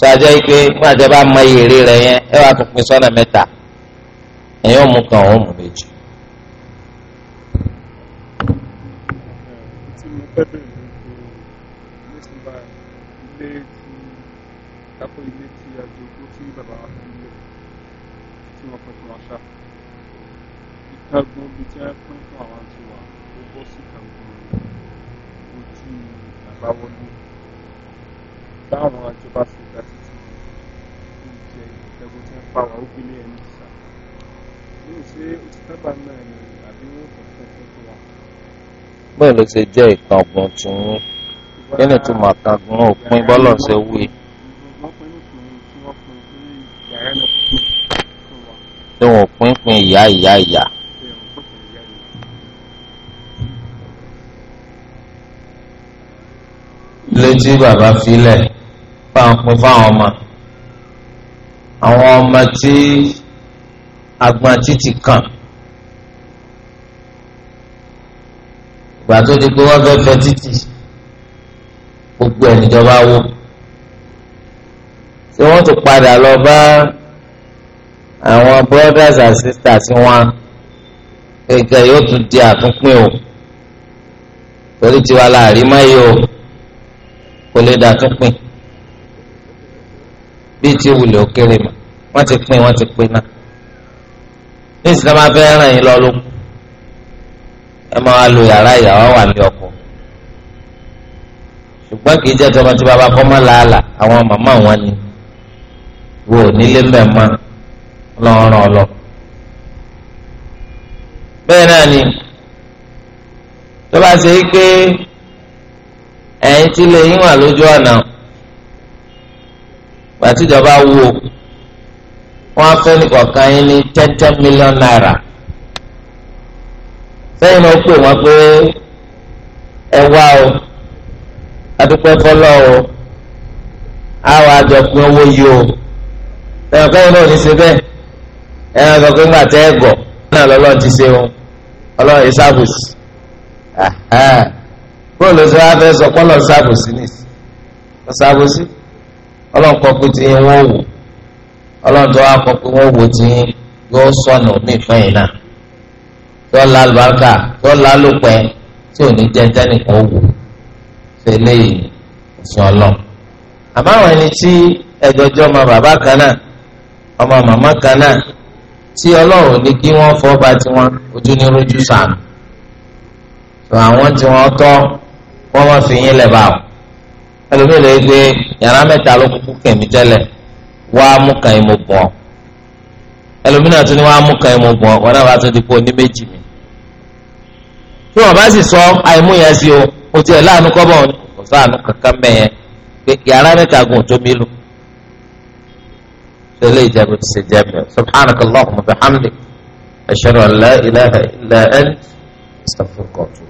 sọ́jà yìí pé fún àti ẹ bá mọ iye èrè rẹ̀ yẹn ẹ wàá tún pín sọ́nà mẹ́ta ẹ̀yin òmù kan òun mú méjì. kagbọn bi tí a pín fún àwọn pa wà ó gbélé ẹni sá yóò ṣe òtítọ́gbà náà ni àbí wọ́n kò fẹ́ fẹ́ fún wa. bẹ́ẹ̀ ló ṣe jẹ́ ìkángun tí yín kí ni tó máa kangun òpin bọ́lọ̀ ṣe wí. tí wọn pín pín ìyá ìyá ìyá. ilé tí bàbá filẹ̀ fáwọn pín fáwọn ọmọ àwọn ọmọ tí agbọn títì kàn ìgbà tó di pé wọ́n fẹ́ fẹ́ títì gbogbo ẹ̀ níjọba wó tí wọ́n tún padà lọ bá àwọn brothers and sisters wọn gẹ́gẹ́ yóò tún di àtúnpín o torí tiwa láàrin mọ́ yìí o kò lè dàtúnpín. bíi ti wulẹ̀ òkèrè mọ̀ wọ́n ti pín wọ́n ti pín náà ní ìsìlẹ̀ máa fẹ́ ràn yín lọ lóko ẹ máa lo yàrá ìyàwó wà ní ọkọ ṣùgbọ́n kì í jẹ́ tọmọ tí bàbá kọ́ máa làálà àwọn màmá wọn ni wo nílé mbẹ́ mọ́ lọ́rùn ọlọ. bẹ́ẹ̀ náà ni tó bá ṣe é pé ẹ̀yin tí lè yín wà lójú ọ̀nà. gbàtíjọba wo wọn afẹ́ nìkọ̀ọ̀kan yín ní ten ten million naira sẹ́yìn náà pè wọ́n pé ẹ wá o adúpẹ́ fọlọ́ o àwọn àjọpín owó yìí o sẹ́yìn kẹ́yìn náà ò ní ṣe bẹ́ẹ̀ ẹ sọ pé ńgbà tẹ́ ẹ gọ̀ náà lọ́lọ́run ti ṣe o ọlọ́run yìí sábùsì bóòlù sọ wá fẹ́ sọ ọlọ́run kọ pé tiyín wọ́n wò ọlọ́run tó wá kọ pé wọ́n wò tiyín yóò sọnù mí fún yìí náà tó la àlùbáríkà tó la lópẹ́ tí ò ní jẹ́jẹ́ nìkan ó wò ṣe léyìí òfin ọlọ́run àmọ́ àwọn ẹni tí ẹ̀jọ̀jọ́ ọmọ bàbá kan náà ọmọ màmá kan náà tí ọlọ́run ní kí wọ́n fọ́ ba tiwọn ojú ní rojú sàánù tó àwọn tiwọn tọ́ wọ́n má fi yín lẹ̀ báwò ẹlòmíì lè gbé yàrá mẹ́ta ló kúkú kẹ̀mí tẹ́lẹ̀ wá mú kàn yín mo bọ̀ ọ́ ẹlòmíì náà tún ní wá mú kàn yín mo bọ̀ ọ́ wọn náà wá tún di pé oní méjì mi. tí wọn bá sì sọ àìmúyẹ sí o o tiẹ̀ láàánú kọ́ bọ̀ ọ́ kò sáànú kankan mẹ́yẹn yàrá mẹ́ta gùn tó mi lò. tẹ́lẹ̀ ìjẹ́bù ti ṣe jẹ́ mi subhanakallahumma bihamdik ashhadu an la ilaha illa anta astaghfiruka